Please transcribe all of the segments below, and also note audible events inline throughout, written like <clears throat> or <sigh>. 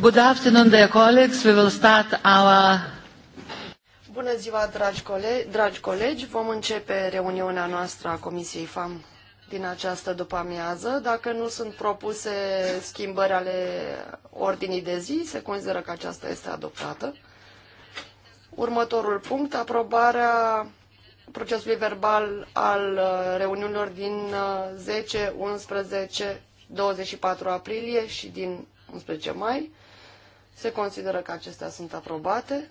Good afternoon, dear colleagues. We will start our... Bună ziua, dragi colegi, dragi colegi. Vom începe reuniunea noastră a Comisiei FAM din această după-amiază. Dacă nu sunt propuse schimbări ale ordinii de zi, se consideră că aceasta este adoptată. Următorul punct, aprobarea procesului verbal al reuniunilor din 10, 11, 24 aprilie și din 11 mai. Se consideră că acestea sunt aprobate.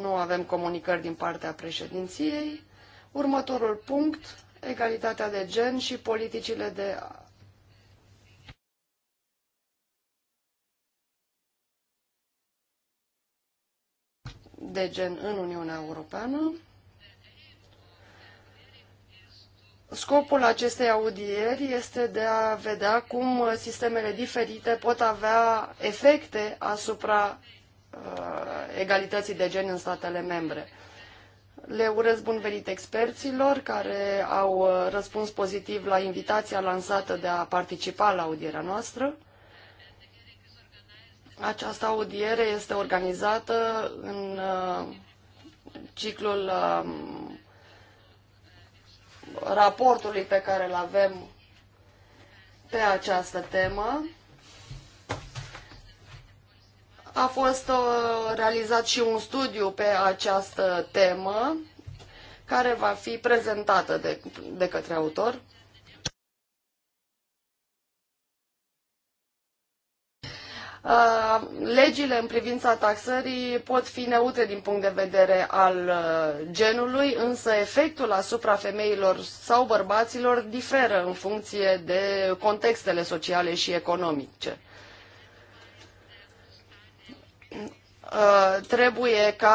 Nu avem comunicări din partea președinției. Următorul punct, egalitatea de gen și politicile de de gen în Uniunea Europeană. Scopul acestei audieri este de a vedea cum sistemele diferite pot avea efecte asupra uh, egalității de gen în statele membre. Le urez bun venit experților care au uh, răspuns pozitiv la invitația lansată de a participa la audierea noastră. Această audiere este organizată în uh, ciclul uh, raportului pe care îl avem pe această temă. A fost uh, realizat și un studiu pe această temă care va fi prezentată de, de către autor. Uh, legile în privința taxării pot fi neutre din punct de vedere al uh, genului, însă efectul asupra femeilor sau bărbaților diferă în funcție de contextele sociale și economice. Uh, trebuie ca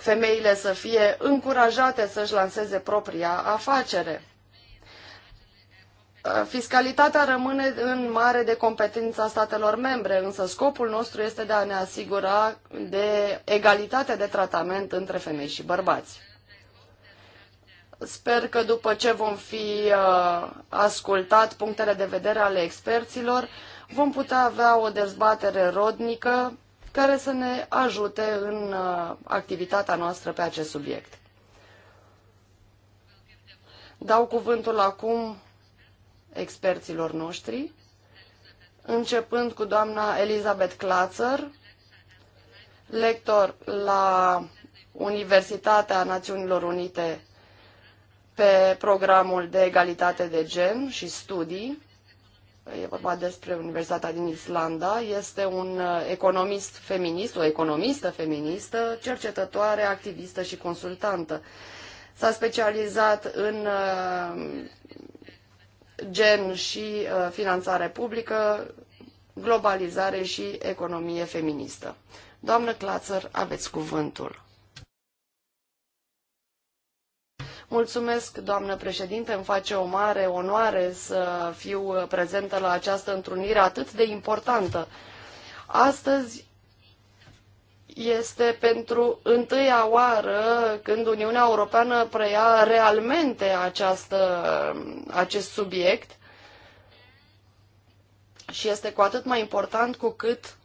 femeile să fie încurajate să-și lanseze propria afacere Fiscalitatea rămâne în mare de competența statelor membre, însă scopul nostru este de a ne asigura de egalitate de tratament între femei și bărbați. Sper că după ce vom fi uh, ascultat punctele de vedere ale experților, vom putea avea o dezbatere rodnică care să ne ajute în uh, activitatea noastră pe acest subiect. Dau cuvântul acum experților noștri, începând cu doamna Elizabeth Clatzer, lector la Universitatea Națiunilor Unite pe programul de egalitate de gen și studii. E vorba despre Universitatea din Islanda. Este un uh, economist feminist, o economistă feministă, cercetătoare, activistă și consultantă. S-a specializat în uh, gen și uh, finanțare publică, globalizare și economie feministă. Doamnă Clațăr, aveți cuvântul. Mulțumesc, doamnă președinte, îmi face o mare onoare să fiu prezentă la această întrunire atât de importantă. Astăzi este pentru întâia oară când Uniunea Europeană preia realmente această, acest subiect și este cu atât mai important cu cât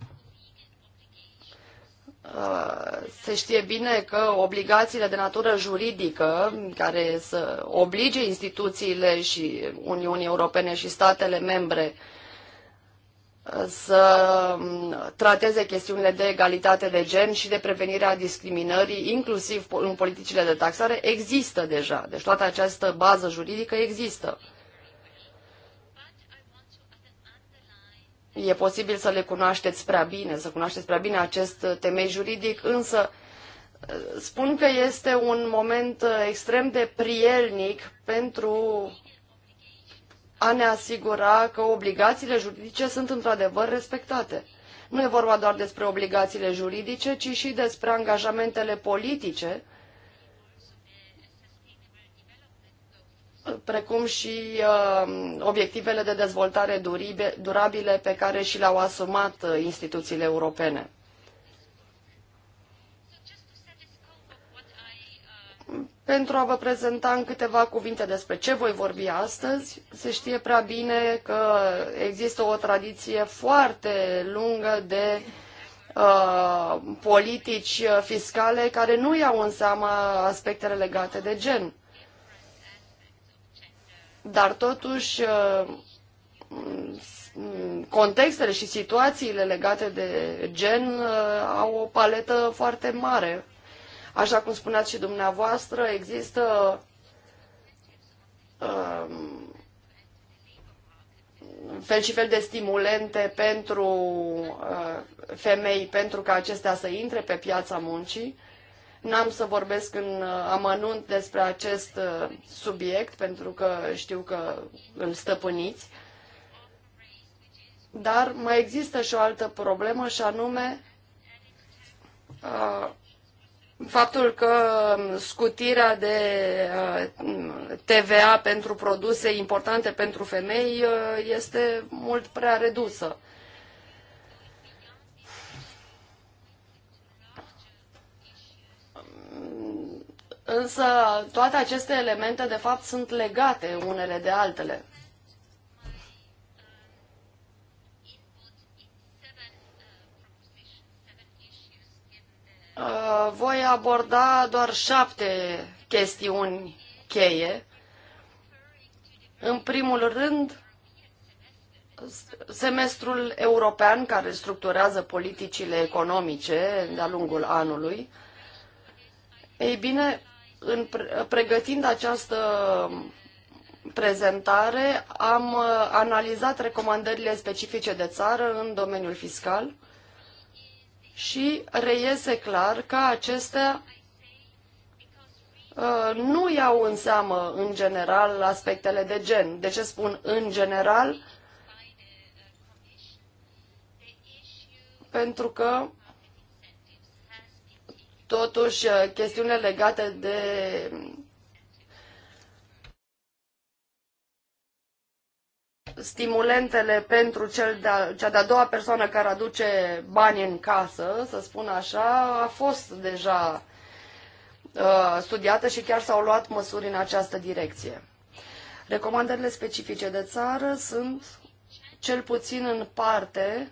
uh, se știe bine că obligațiile de natură juridică care să oblige instituțiile și Uniunii Europene și statele membre uh, să mm, trateze chestiunile de egalitate de gen și de prevenirea discriminării, inclusiv în politicile de taxare, există deja. Deci toată această bază juridică există. E posibil să le cunoașteți prea bine, să cunoașteți prea bine acest temei juridic, însă eh, spun că este un moment eh, extrem de prielnic pentru a ne asigura că obligațiile juridice sunt într-adevăr respectate. Nu e vorba doar despre obligațiile juridice, ci și despre angajamentele politice, precum și uh, obiectivele de dezvoltare durabile pe care și le-au asumat uh, instituțiile europene. pentru a vă prezenta în câteva cuvinte despre ce voi vorbi astăzi. Se știe prea bine că există o tradiție foarte lungă de uh, politici fiscale care nu iau în seama aspectele legate de gen. Dar totuși uh, contextele și situațiile legate de gen uh, au o paletă foarte mare Așa cum spuneați și dumneavoastră, există um, fel și fel de stimulente pentru uh, femei, pentru ca acestea să intre pe piața muncii. N-am să vorbesc în uh, amănunt despre acest uh, subiect, pentru că știu că îl stăpâniți. Dar mai există și o altă problemă, și anume uh, faptul că scutirea de uh, TVA pentru produse importante pentru femei uh, este mult prea redusă. Însă toate aceste elemente, de fapt, sunt legate unele de altele. Uh, voi aborda doar șapte chestiuni cheie. În primul rând, semestrul european care structurează politicile economice de-a lungul anului. Ei bine, în pregătind această prezentare, am uh, analizat recomandările specifice de țară în domeniul fiscal și reiese clar că acestea uh, nu iau în seamă, în general, aspectele de gen. De ce spun în general? Pentru că, totuși, chestiunile legate de stimulentele pentru cel de cea de-a doua persoană care aduce bani în casă, să spun așa, a fost deja uh, studiată și chiar s-au luat măsuri în această direcție. Recomandările specifice de țară sunt, cel puțin în parte,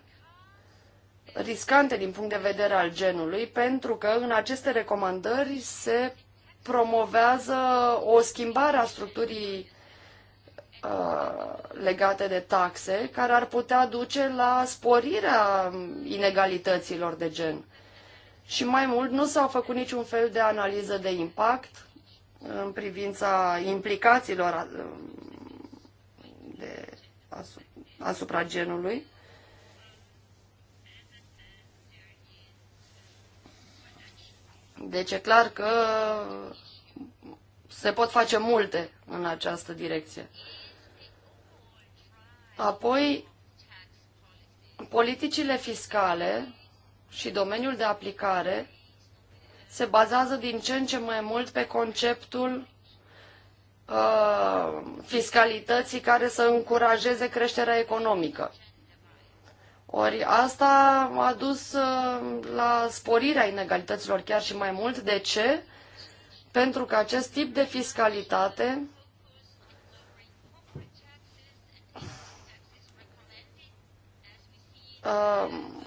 riscante din punct de vedere al genului, pentru că în aceste recomandări se promovează o schimbare a structurii Uh, legate de taxe care ar putea duce la sporirea inegalităților de gen. Și mai mult, nu s-au făcut niciun fel de analiză de impact în privința implicațiilor uh, de, asupra genului. Deci e clar că se pot face multe în această direcție. Apoi, politicile fiscale și domeniul de aplicare se bazează din ce în ce mai mult pe conceptul uh, fiscalității care să încurajeze creșterea economică. Ori asta a dus uh, la sporirea inegalităților chiar și mai mult. De ce? Pentru că acest tip de fiscalitate Um,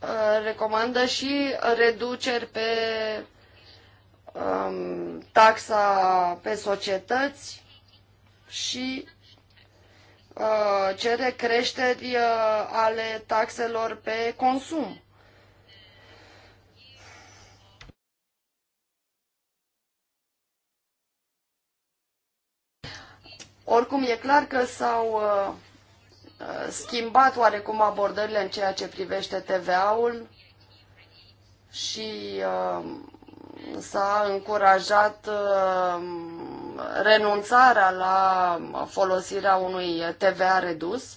uh, recomandă și reduceri pe um, taxa pe societăți și uh, cere creșteri uh, ale taxelor pe consum. Oricum, e clar că s-au uh, uh, schimbat oarecum abordările în ceea ce privește TVA-ul și uh, s-a încurajat renunțarea la folosirea unui TVA redus.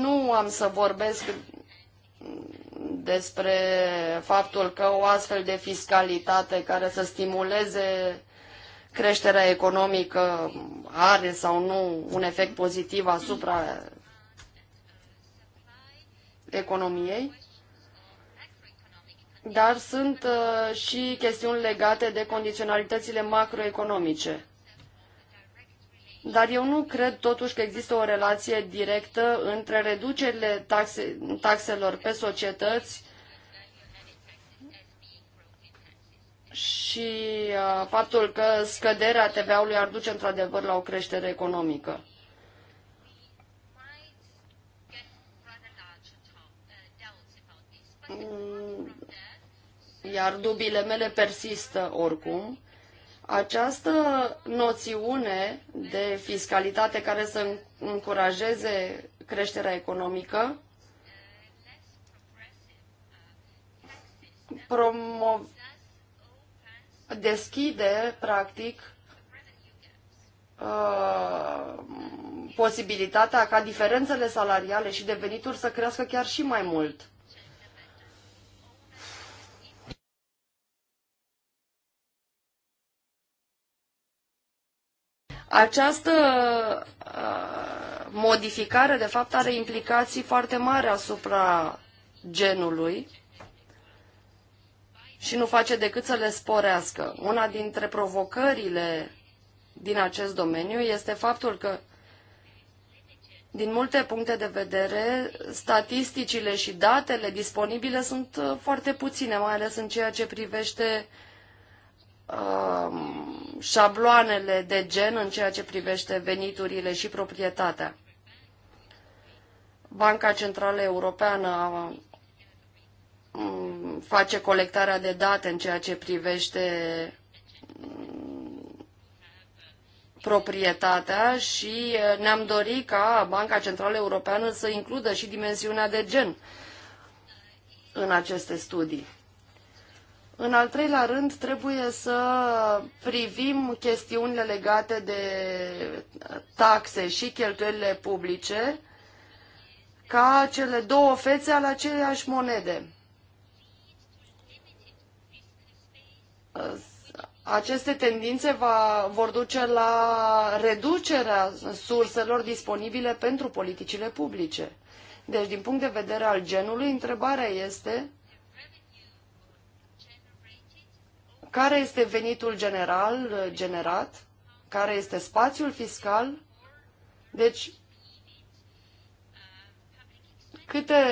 Nu am să vorbesc despre faptul că o astfel de fiscalitate care să stimuleze creșterea economică are sau nu un efect pozitiv asupra economiei, dar sunt uh, și chestiuni legate de condiționalitățile macroeconomice dar eu nu cred totuși că există o relație directă între reducerile taxe, taxelor pe societăți și uh, faptul că scăderea TVA-ului ar duce într-adevăr la o creștere economică. Mm, iar dubiile mele persistă oricum această noțiune de fiscalitate care să încurajeze creșterea economică deschide, practic, uh, posibilitatea ca diferențele salariale și de venituri să crească chiar și mai mult. Această uh, modificare, de fapt, are implicații foarte mari asupra genului și nu face decât să le sporească. Una dintre provocările din acest domeniu este faptul că, din multe puncte de vedere, statisticile și datele disponibile sunt uh, foarte puține, mai ales în ceea ce privește um, șabloanele de gen în ceea ce privește veniturile și proprietatea. Banca Centrală Europeană mm, face colectarea de date în ceea ce privește mm, proprietatea și ne-am dorit ca Banca Centrală Europeană să includă și dimensiunea de gen în aceste studii. În al treilea rând, trebuie să privim chestiunile legate de taxe și cheltuielile publice ca cele două fețe ale aceleiași monede. Aceste tendințe va, vor duce la reducerea surselor disponibile pentru politicile publice. Deci, din punct de vedere al genului, întrebarea este care este venitul general uh, generat, care este spațiul fiscal, deci câte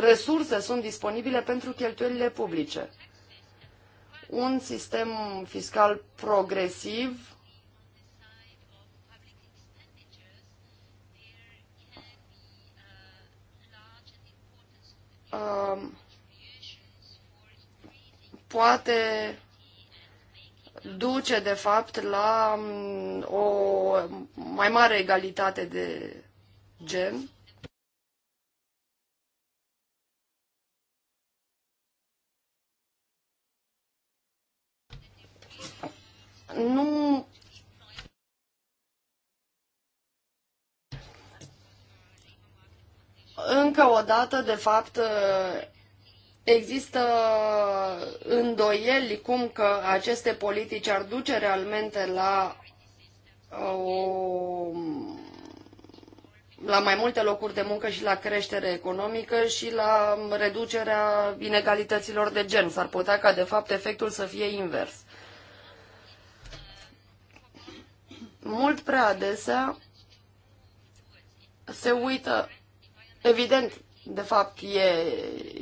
resurse sunt disponibile pentru cheltuielile publice. Un sistem fiscal progresiv um, poate duce, de fapt, la um, o mai mare egalitate de gen. Nu încă o dată, de fapt, Există îndoieli cum că aceste politici ar duce realmente la, uh, o, la mai multe locuri de muncă și la creștere economică și la reducerea inegalităților de gen. S-ar putea ca, de fapt, efectul să fie invers. Mult prea adesea se uită, evident, de fapt, e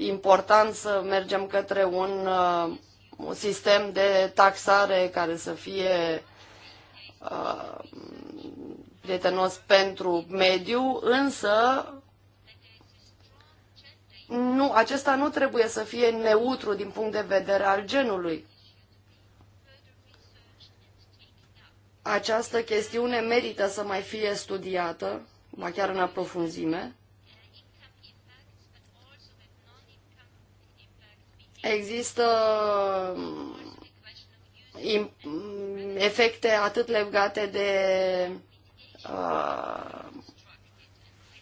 important să mergem către un, uh, un sistem de taxare care să fie uh, prietenos pentru mediu, însă nu, acesta nu trebuie să fie neutru din punct de vedere al genului. Această chestiune merită să mai fie studiată, ba chiar în aprofunzime. există efecte atât legate de uh,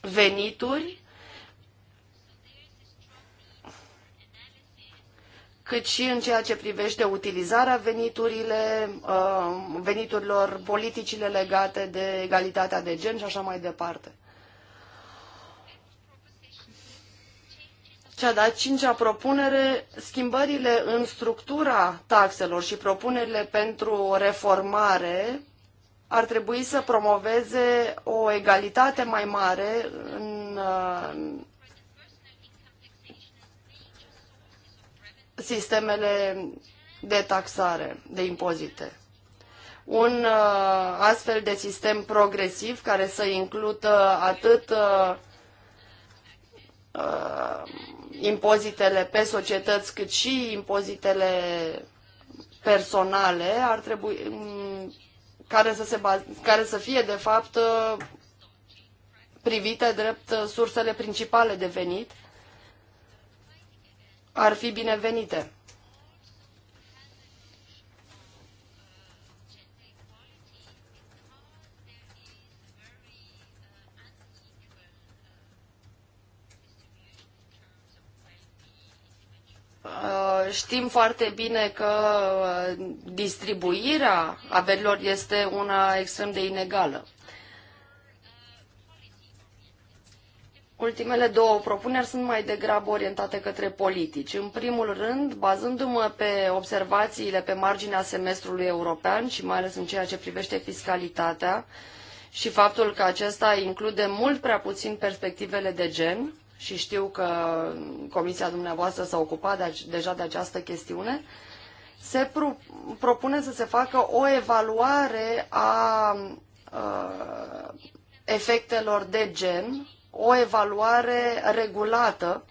venituri, cât și în ceea ce privește utilizarea veniturile, uh, veniturilor, politicile legate de egalitatea de gen și așa mai departe. Cea de-a cincea propunere, schimbările în structura taxelor și propunerile pentru reformare ar trebui să promoveze o egalitate mai mare în uh, sistemele de taxare, de impozite. Un uh, astfel de sistem progresiv care să includă atât uh, impozitele pe societăți, cât și impozitele personale ar trebui mm, care să, se baz, care să fie de fapt privite drept sursele principale de venit ar fi binevenite. Știm foarte bine că uh, distribuirea averilor este una extrem de inegală. Ultimele două propuneri sunt mai degrabă orientate către politici. În primul rând, bazându-mă pe observațiile pe marginea semestrului european și mai ales în ceea ce privește fiscalitatea și faptul că acesta include mult prea puțin perspectivele de gen, și știu că comisia dumneavoastră s-a ocupat de, deja de această chestiune, se pro propune să se facă o evaluare a efectelor de gen, o evaluare regulată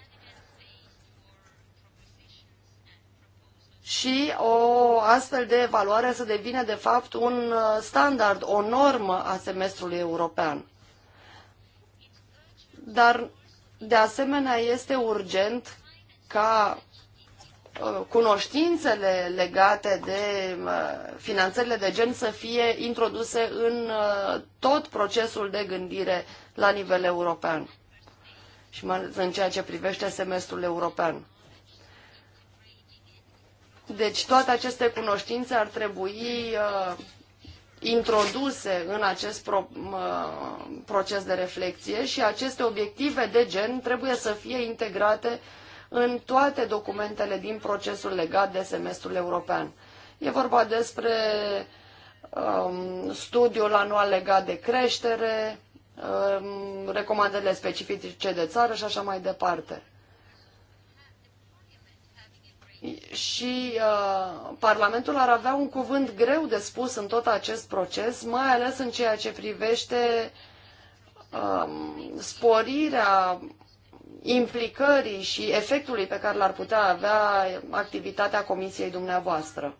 și o astfel de evaluare să devină de fapt un standard, o normă a semestrului european. Dar de asemenea, este urgent ca uh, cunoștințele legate de uh, finanțările de gen să fie introduse în uh, tot procesul de gândire la nivel european și în ceea ce privește semestrul european. Deci toate aceste cunoștințe ar trebui uh, introduse în acest pro, proces de reflexie și aceste obiective de gen trebuie să fie integrate în toate documentele din procesul legat de semestrul european. E vorba despre um, studiul anual legat de creștere, um, recomandările specifice de țară și așa mai departe și uh, Parlamentul ar avea un cuvânt greu de spus în tot acest proces, mai ales în ceea ce privește uh, sporirea implicării și efectului pe care l-ar putea avea activitatea comisiei dumneavoastră.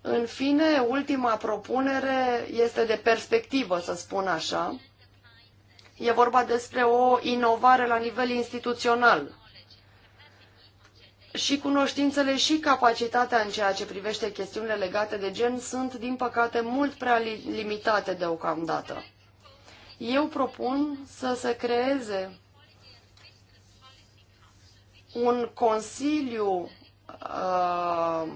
În fine, ultima propunere este de perspectivă, să spun așa. E vorba despre o inovare la nivel instituțional, și cunoștințele și capacitatea în ceea ce privește chestiunile legate de gen sunt, din păcate, mult prea limitate deocamdată. Eu propun să se creeze un consiliu uh,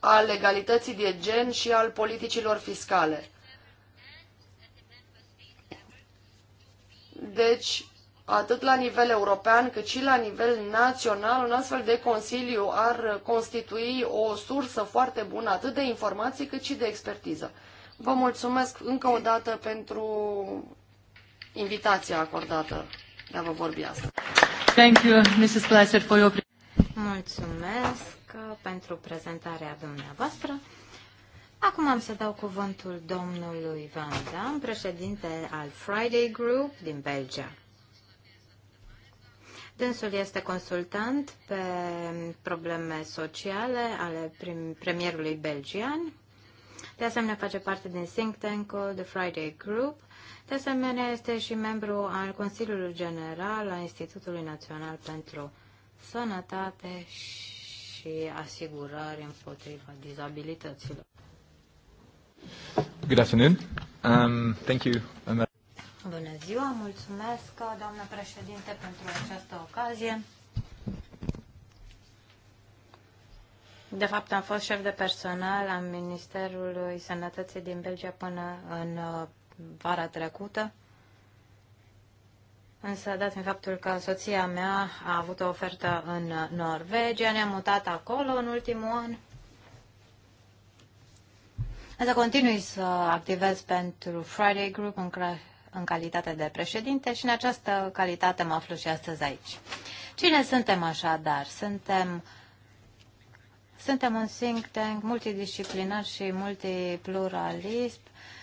al legalității de gen și al politicilor fiscale. Deci, atât la nivel european cât și la nivel național, un astfel de consiliu ar constitui o sursă foarte bună atât de informații cât și de expertiză. Vă mulțumesc încă o dată pentru invitația acordată de a vă vorbi asta. Thank you, Mrs. Placer, for your... Mulțumesc pentru prezentarea dumneavoastră. Acum am să dau cuvântul domnului Van Dam, președinte al Friday Group din Belgia. Dânsul este consultant pe probleme sociale ale premierului belgian. De asemenea, face parte din think tank-ul The Friday Group. De asemenea, este și membru al Consiliului General al Institutului Național pentru Sănătate și Asigurări împotriva dizabilităților. Good afternoon. Um, thank you. Uh, Bună ziua, mulțumesc, doamnă președinte, pentru această ocazie. De fapt, am fost șef de personal al Ministerului Sănătății din Belgia până în uh, vara trecută. Însă, dat în faptul că soția mea a avut o ofertă în uh, Norvegia, ne-am mutat acolo în ultimul an. Însă continui să activez pentru Friday Group, în care în calitate de președinte și în această calitate mă aflu și astăzi aici. Cine suntem așadar? Suntem, suntem un think tank multidisciplinar și multipluralist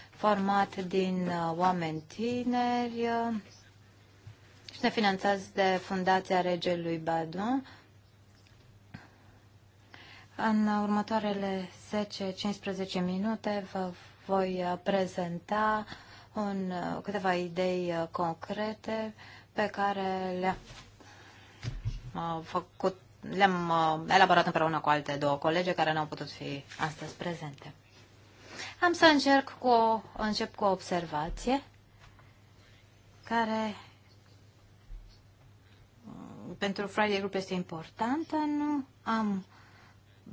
format din uh, oameni tineri uh, și ne finanțați de Fundația Regelui Badon. În următoarele 10-15 minute vă voi uh, prezenta un uh, câteva idei uh, concrete pe care le-am uh, făcut le-am elaborat împreună cu alte două colege care nu au putut fi astăzi prezente. Am să încerc cu o, încep cu o observație care mm, pentru Friday Group este importantă. Nu am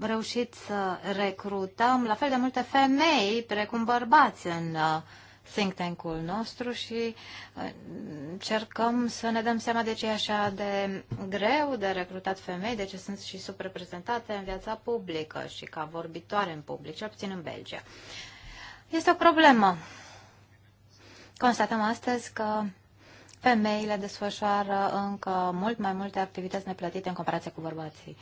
reușit să recrutăm la fel de multe femei precum bărbați în think tank-ul nostru și uh, încercăm să ne dăm seama de ce e așa de greu de recrutat femei, de ce sunt și subreprezentate în viața publică și ca vorbitoare în public, cel puțin în Belgia. Este o problemă. Constatăm astăzi că femeile desfășoară încă mult mai multe activități neplătite în comparație cu bărbații.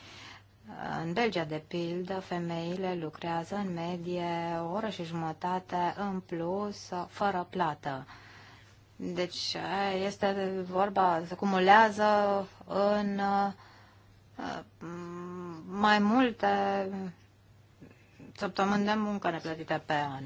În Belgia, de pildă, femeile lucrează în medie o oră și jumătate în plus, fără plată. Deci este vorba, se cumulează în uh, mai multe săptămâni de muncă neplătite pe an.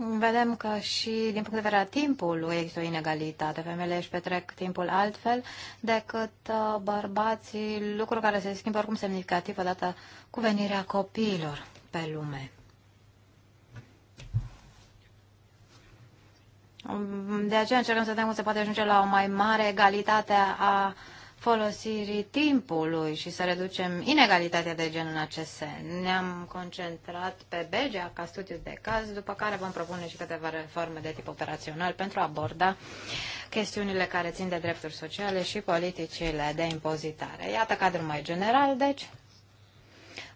Vedem că și din punct de vedere a timpului există o inegalitate. Femeile își petrec timpul altfel decât uh, bărbații, lucruri care se schimbă oricum semnificativ odată cu venirea copiilor pe lume. De aceea încercăm să vedem cum se poate ajunge la o mai mare egalitate a folosirii timpului și să reducem inegalitatea de gen în acest sens. Ne-am concentrat pe Belgia ca studiu de caz, după care vom propune și câteva reforme de tip operațional pentru a aborda chestiunile care țin de drepturi sociale și politicile de impozitare. Iată cadrul mai general, deci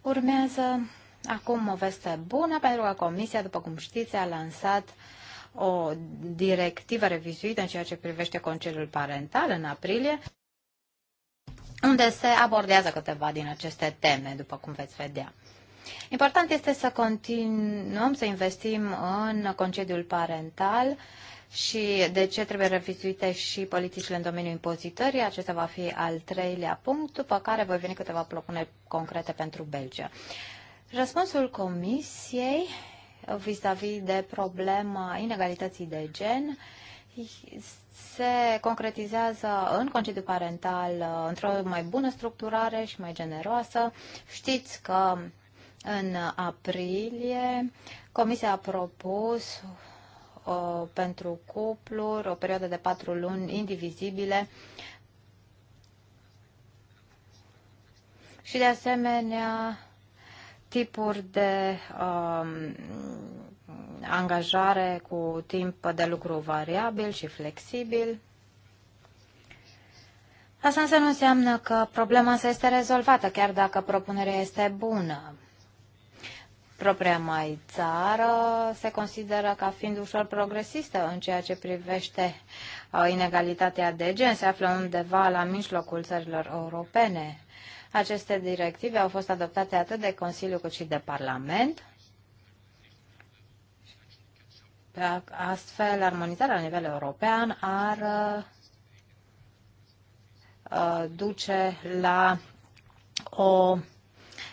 urmează acum o veste bună pentru că Comisia, după cum știți, a lansat o directivă revizuită în ceea ce privește concediul parental în aprilie unde se abordează câteva din aceste teme, după cum veți vedea. Important este să continuăm să investim în concediul parental și de ce trebuie revizuite și politicile în domeniul impozitării. Acesta va fi al treilea punct, după care voi veni câteva propuneri concrete pentru Belgia. Răspunsul Comisiei vis-a-vis -vis de problema inegalității de gen se concretizează în concediu parental uh, într-o mai bună structurare și mai generoasă. Știți că în aprilie Comisia a propus o, uh, pentru cupluri o perioadă de patru luni indivizibile și de asemenea tipuri de um, angajare cu timp de lucru variabil și flexibil. Asta însă nu înseamnă că problema să este rezolvată, chiar dacă propunerea este bună. Propria mai țară se consideră ca fiind ușor progresistă în ceea ce privește uh, inegalitatea de gen, se află undeva la mijlocul țărilor europene. Aceste directive au fost adoptate atât de Consiliu cât și de Parlament Astfel, armonizarea la nivel european ar uh, duce la o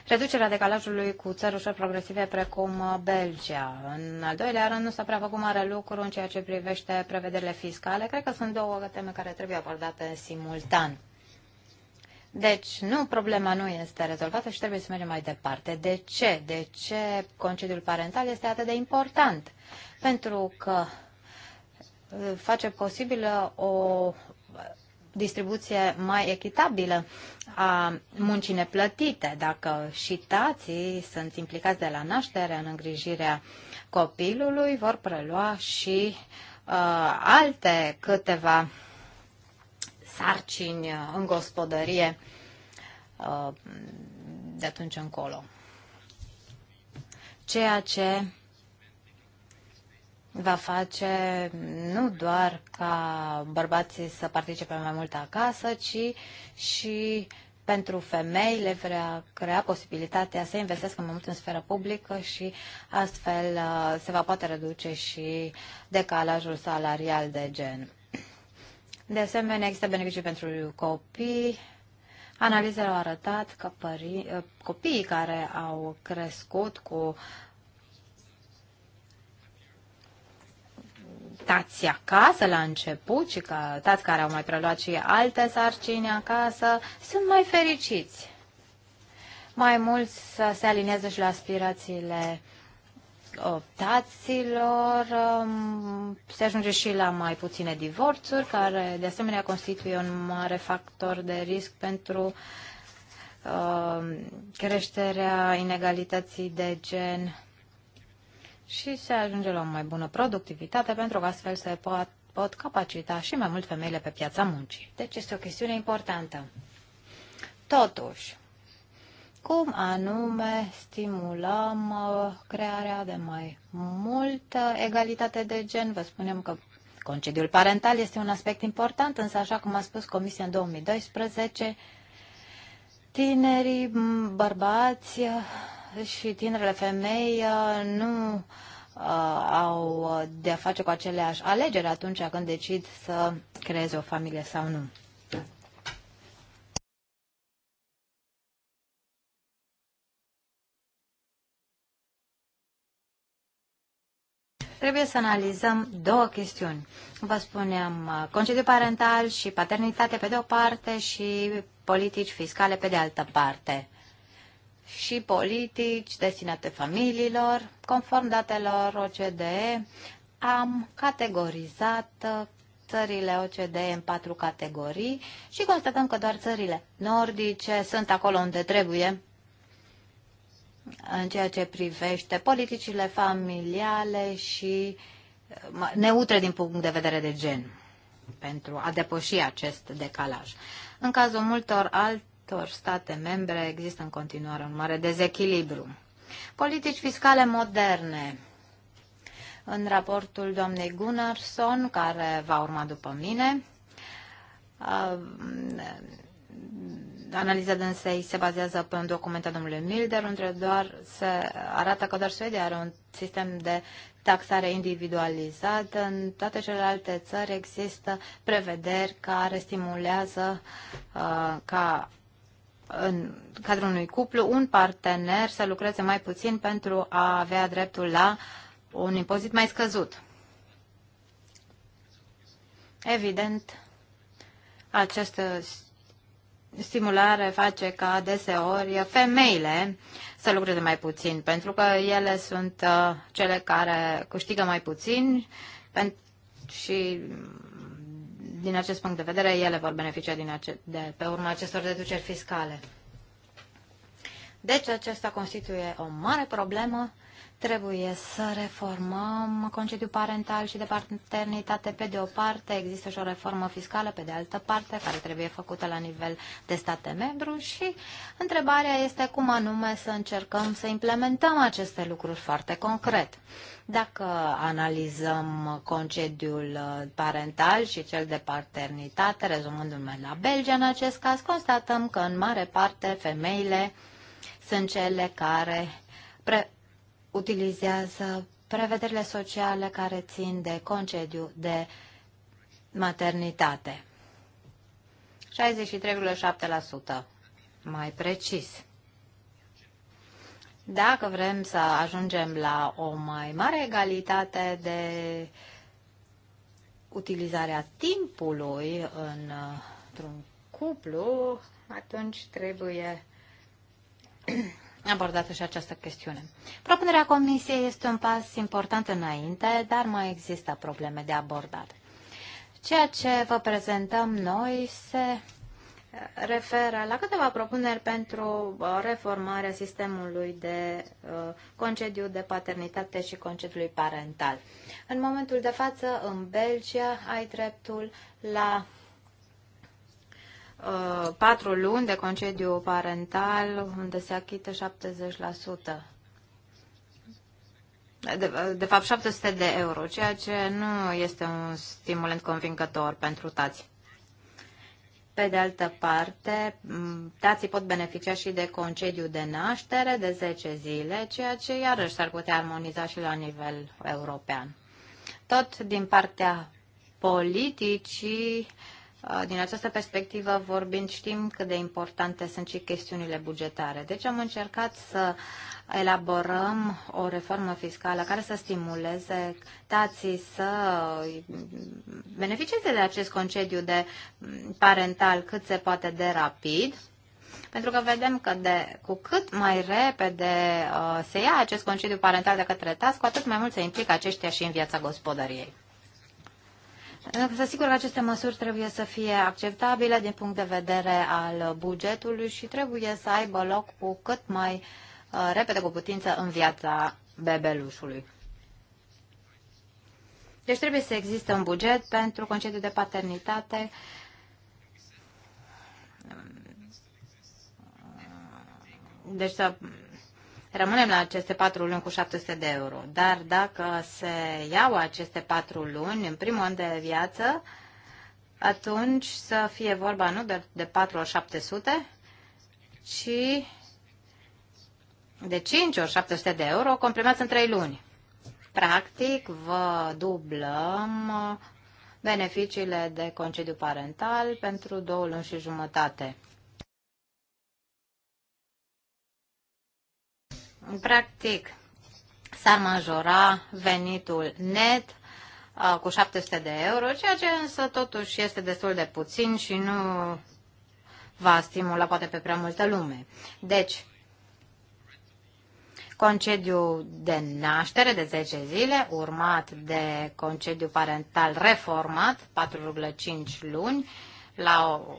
reducerea decalajului cu țări ușor progresive precum uh, Belgia. În al doilea rând, nu s-a prea făcut mare lucru în ceea ce privește prevederile fiscale. Cred că sunt două teme care trebuie abordate simultan. Deci, nu, problema nu este rezolvată și trebuie să mergem mai departe. De ce? De ce concediul parental este atât de important? Pentru că uh, face posibilă uh, o distribuție mai echitabilă a muncii neplătite. Dacă și tații sunt implicați de la naștere în îngrijirea copilului, vor prelua și uh, alte câteva sarcini uh, în gospodărie uh, de atunci încolo. Ceea ce va face nu doar ca bărbații să participe mai mult acasă, ci și pentru femei le vrea crea posibilitatea să investească mai mult în sfera publică și astfel uh, se va poate reduce și decalajul salarial de gen. De asemenea, există beneficii pentru copii. Analizele au arătat că pări, copiii care au crescut cu tați acasă la început și că tați care au mai preluat și alte sarcini acasă sunt mai fericiți. Mai mulți să se alinieze și la aspirațiile uh, optaților, um, se ajunge și la mai puține divorțuri, care de asemenea constituie un mare factor de risc pentru um, creșterea inegalității de gen și se ajunge la o mai bună productivitate pentru că astfel se pot, pot capacita și mai mult femeile pe piața muncii. Deci este o chestiune importantă. Totuși, cum anume stimulăm uh, crearea de mai multă egalitate de gen. Vă spunem că concediul parental este un aspect important, însă, așa cum a spus Comisia în 2012, tinerii bărbați uh, și tinerele femei uh, nu au de-a face cu aceleași alegeri atunci când decid să creeze o familie sau nu. trebuie să analizăm două chestiuni. Vă spuneam, uh, concediu parental și paternitate pe de o parte și politici fiscale pe de altă parte. Și politici destinate familiilor, conform datelor OCDE, am categorizat uh, țările OCDE în patru categorii și constatăm că doar țările nordice sunt acolo unde trebuie în ceea ce privește politicile familiale și neutre din punct de vedere de gen pentru a depăși acest decalaj. În cazul multor altor state membre există în continuare un mare dezechilibru. Politici fiscale moderne. În raportul doamnei Gunnarsson, care va urma după mine, uh, analiza dânsei se bazează pe un document al domnului Milder, unde doar se arată că doar Suedia are un sistem de taxare individualizată. În toate celelalte țări există prevederi care stimulează uh, ca în cadrul unui cuplu un partener să lucreze mai puțin pentru a avea dreptul la un impozit mai scăzut. Evident, acest stimulare face ca deseori femeile să lucreze mai puțin, pentru că ele sunt uh, cele care câștigă mai puțin și mm, din acest punct de vedere ele vor beneficia din ace- de pe urma acestor reduceri fiscale. Deci acesta constituie o mare problemă Trebuie să reformăm concediul parental și de paternitate pe de o parte, există și o reformă fiscală pe de altă parte, care trebuie făcută la nivel de state membru și întrebarea este cum anume să încercăm să implementăm aceste lucruri foarte concret. Dacă analizăm concediul parental și cel de paternitate, rezumându-ne la Belgia în acest caz, constatăm că în mare parte femeile sunt cele care pre- utilizează prevederile sociale care țin de concediu de maternitate. 63,7% mai precis. Dacă vrem să ajungem la o mai mare egalitate de utilizarea timpului în, într-un cuplu, atunci trebuie abordată și această chestiune. Propunerea Comisiei este un pas important înainte, dar mai există probleme de abordat. Ceea ce vă prezentăm noi se eh, referă la câteva propuneri pentru uh, reformarea sistemului de uh, concediu de paternitate și concediului parental. În momentul de față, în Belgia, ai dreptul la Uh, patru luni de concediu parental, unde se achită 70%. De, de fapt, 700 de euro, ceea ce nu este un stimulant convingător pentru tați. Pe de altă parte, tații pot beneficia și de concediu de naștere de 10 zile, ceea ce iarăși s-ar putea armoniza și la nivel european. Tot din partea politicii Uh, din această perspectivă, vorbind, știm cât de importante sunt și chestiunile bugetare. Deci am încercat să elaborăm o reformă fiscală care să stimuleze tații să beneficieze de acest concediu de mm, parental cât se poate de rapid, pentru că vedem că de, cu cât mai repede uh, se ia acest concediu parental de către tați, cu atât mai mult se implică aceștia și în viața gospodăriei. Vă sigur că aceste măsuri trebuie să fie acceptabile din punct de vedere al bugetului și trebuie să aibă loc cu cât mai uh, repede cu putință în viața bebelușului. Deci trebuie să existe un buget pentru concediu de paternitate deci să rămânem la aceste patru luni cu 700 de euro. Dar dacă se iau aceste patru luni în primul an de viață, atunci să fie vorba nu de, de 4 ori 700, ci de 5 ori 700 de euro comprimați în 3 luni. Practic, vă dublăm beneficiile de concediu parental pentru două luni și jumătate. practic, s-ar majora venitul net uh, cu 700 de euro, ceea ce însă totuși este destul de puțin și nu va stimula poate pe prea multă lume. Deci, concediu de naștere de 10 zile, urmat de concediu parental reformat, 4,5 luni, la o,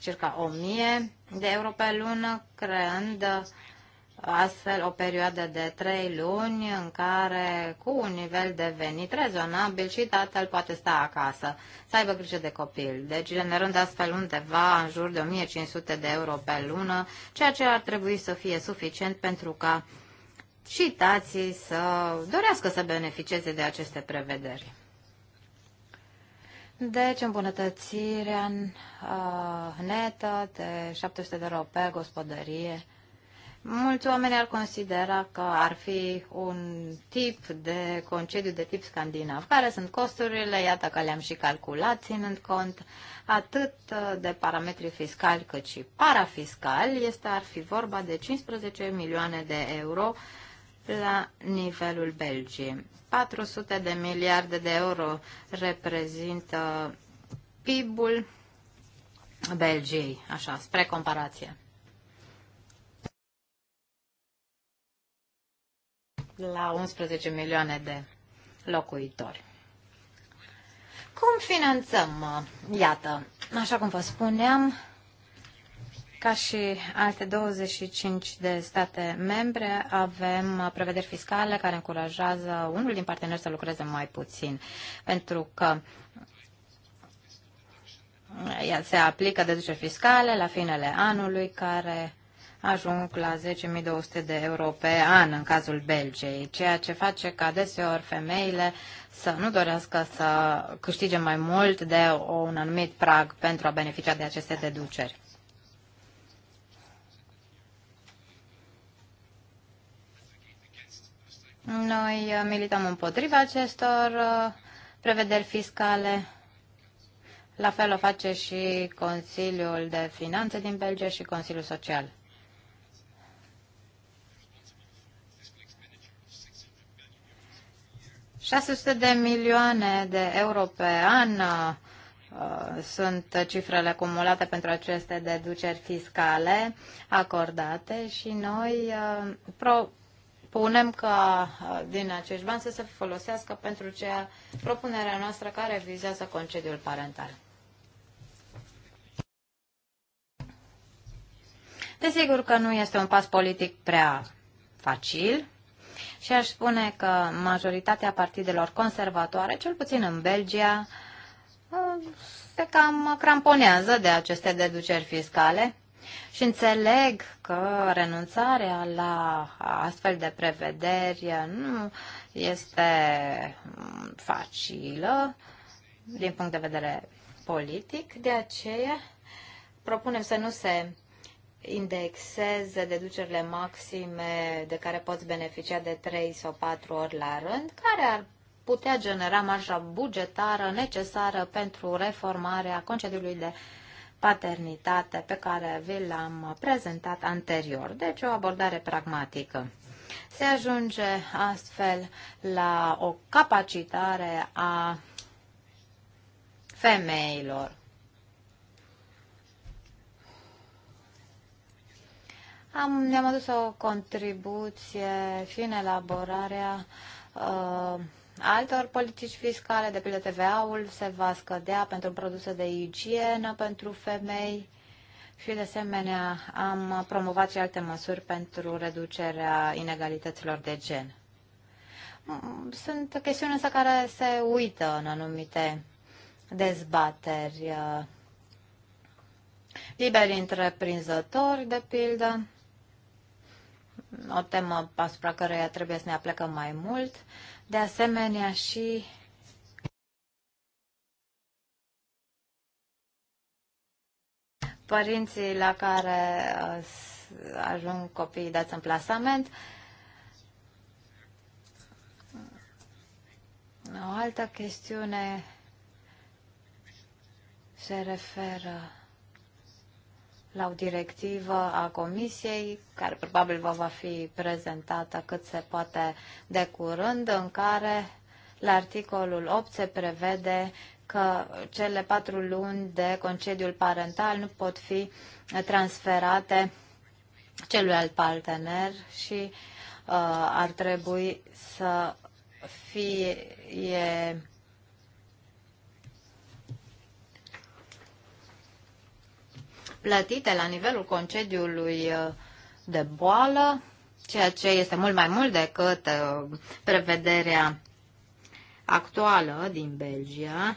circa 1000 de euro pe lună, creând astfel o perioadă de trei luni în care cu un nivel de venit rezonabil și tatăl poate sta acasă, să aibă grijă de copil. Deci generând astfel undeva în jur de 1500 de euro pe lună, ceea ce ar trebui să fie suficient pentru ca și tații să dorească să beneficieze de aceste prevederi. Deci îmbunătățirea uh, netă de 700 de euro pe gospodărie Mulți oameni ar considera că ar fi un tip de concediu de tip scandinav. Care sunt costurile? Iată că le-am și calculat, ținând cont atât de parametri fiscali cât și parafiscali. Este ar fi vorba de 15 milioane de euro la nivelul Belgiei. 400 de miliarde de euro reprezintă PIB-ul Belgiei, așa, spre comparație. la 11 milioane de locuitori. Cum finanțăm? Uh, iată, așa cum vă spuneam, ca și alte 25 de state membre, avem uh, prevederi fiscale care încurajează unul din parteneri să lucreze mai puțin, pentru că uh, se aplică deduceri fiscale la finele anului care ajung la 10.200 de euro pe an în cazul Belgiei, ceea ce face ca deseori femeile să nu dorească să câștige mai mult de un anumit prag pentru a beneficia de aceste deduceri. Noi uh, milităm împotriva acestor uh, prevederi fiscale. La fel o face și Consiliul de Finanțe din Belgia și Consiliul Social. 600 de milioane de euro pe an uh, sunt cifrele acumulate pentru aceste deduceri fiscale acordate și noi uh, propunem ca uh, din acești bani să se folosească pentru ceea propunerea noastră care vizează concediul parental. Desigur că nu este un pas politic prea facil, și aș spune că majoritatea partidelor conservatoare, cel puțin în Belgia, uh, se cam cramponează de aceste deduceri fiscale și înțeleg că renunțarea la astfel de prevederi nu este facilă din punct de vedere politic, de aceea propunem să nu se indexeze deducerile maxime de care poți beneficia de 3 sau 4 ori la rând, care ar putea genera marja bugetară necesară pentru reformarea concediului de paternitate pe care vi l-am prezentat anterior. Deci o abordare pragmatică. Se ajunge astfel la o capacitare a femeilor Am, ne-am adus o contribuție și în elaborarea uh, altor politici fiscale, de pildă TVA-ul se va scădea pentru produse de igienă pentru femei și, de asemenea, am promovat și alte măsuri pentru reducerea inegalităților de gen. Mm, sunt chestiuni însă care se uită în anumite dezbateri. Uh, liberi întreprinzători, de pildă, o temă asupra căreia trebuie să ne aplecăm mai mult. De asemenea și părinții la care uh, ajung copiii dați în plasament. O altă chestiune se referă la o directivă a Comisiei, care probabil vă va fi prezentată cât se poate de curând, în care la articolul 8 se prevede că cele patru luni de concediul parental nu pot fi transferate celui al partener și uh, ar trebui să fie plătite la nivelul concediului uh, de boală, ceea ce este mult mai mult decât uh, prevederea actuală din Belgia.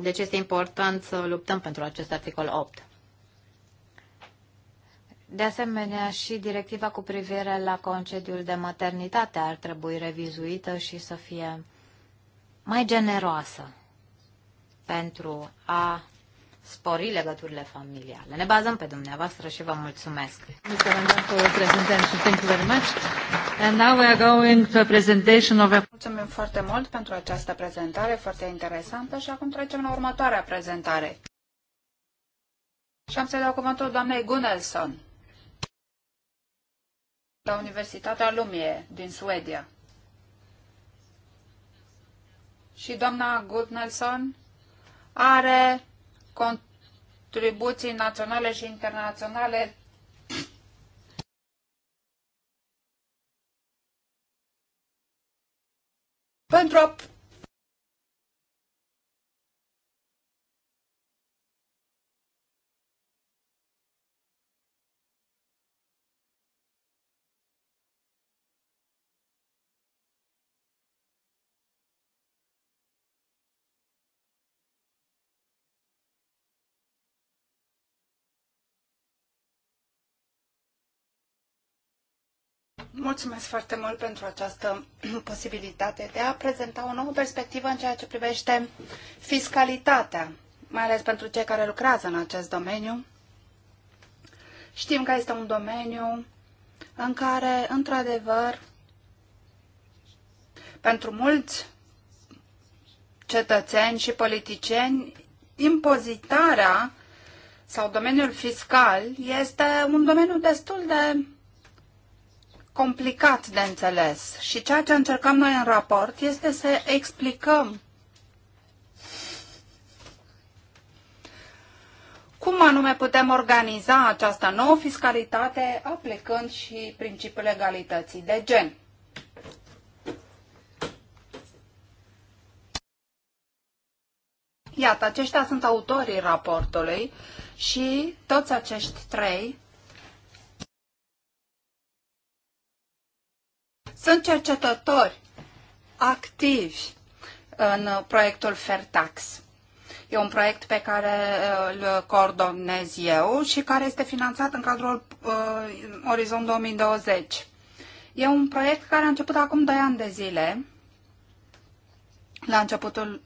Deci este important să luptăm pentru acest articol 8. De asemenea, și directiva cu privire la concediul de maternitate ar trebui revizuită și să fie mai generoasă pentru a spori legăturile familiale. Ne bazăm pe dumneavoastră și vă mulțumesc. Mulțumim foarte mult pentru această prezentare foarte interesantă și acum trecem la următoarea prezentare. Și am să dau cuvântul doamnei Gunnelson la Universitatea Lumie din Suedia. Și doamna Gunnelson are contribuții naționale și internaționale pentru a Mulțumesc foarte mult pentru această <clears throat> posibilitate de a prezenta o nouă perspectivă în ceea ce privește fiscalitatea, mai ales pentru cei care lucrează în acest domeniu. Știm că este un domeniu în care, într-adevăr, pentru mulți cetățeni și politicieni, impozitarea sau domeniul fiscal este un domeniu destul de complicat de înțeles și ceea ce încercăm noi în raport este să explicăm cum anume putem organiza această nouă fiscalitate aplicând și principiul egalității de gen. Iată, aceștia sunt autorii raportului și toți acești trei Sunt cercetători activi în proiectul Fairtax. E un proiect pe care uh, îl coordonez eu și care este finanțat în cadrul uh, Orizont 2020. E un proiect care a început acum 2 ani de zile, la începutul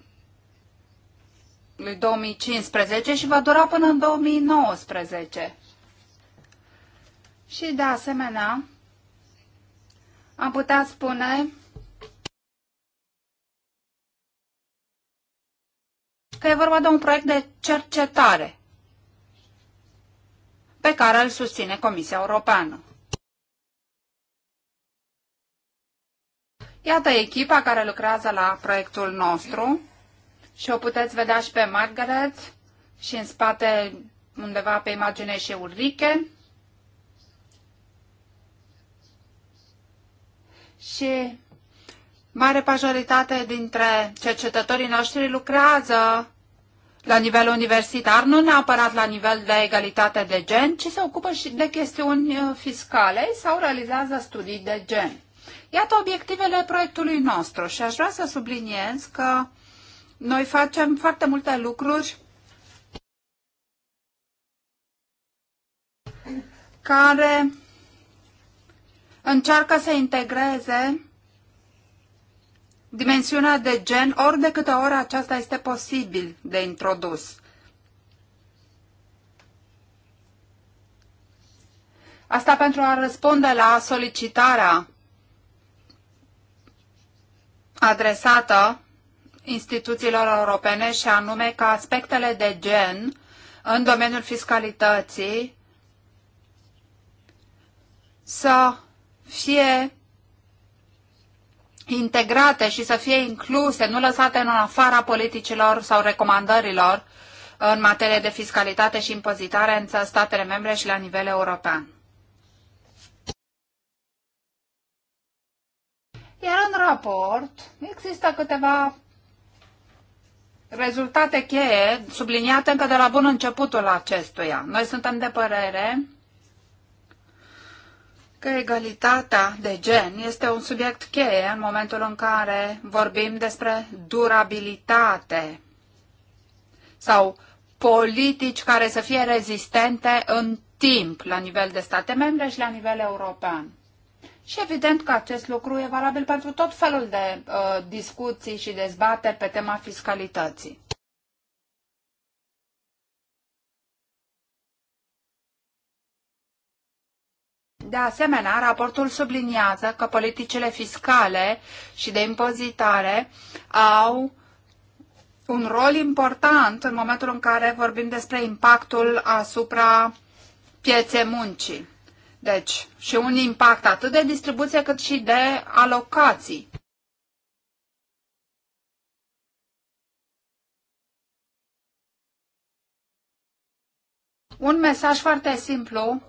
lui 2015 și va dura până în 2019. Și de asemenea, am putea spune că e vorba de un proiect de cercetare pe care îl susține Comisia Europeană. Iată echipa care lucrează la proiectul nostru și o puteți vedea și pe Margaret și în spate undeva pe imagine și Ulrike. și mare majoritate dintre cercetătorii noștri lucrează la nivel universitar, nu neapărat la nivel de egalitate de gen, ci se ocupă și de chestiuni uh, fiscale sau realizează studii de gen. Iată obiectivele proiectului nostru și aș vrea să subliniez că noi facem foarte multe lucruri care încearcă să integreze dimensiunea de gen ori de câte ori aceasta este posibil de introdus. Asta pentru a răspunde la solicitarea adresată instituțiilor europene și anume că aspectele de gen în domeniul fiscalității să fie integrate și să fie incluse, nu lăsate în afara politicilor sau recomandărilor în materie de fiscalitate și impozitare în statele membre și la nivel european. Iar în raport există câteva rezultate cheie subliniate încă de la bun începutul acestuia. Noi suntem de părere că egalitatea de gen este un subiect cheie în momentul în care vorbim despre durabilitate sau politici care să fie rezistente în timp la nivel de state membre și la nivel european. Și evident că acest lucru e valabil pentru tot felul de uh, discuții și dezbateri pe tema fiscalității. De asemenea, raportul subliniază că politicile fiscale și de impozitare au un rol important în momentul în care vorbim despre impactul asupra pieței muncii. Deci, și un impact atât de distribuție cât și de alocații. Un mesaj foarte simplu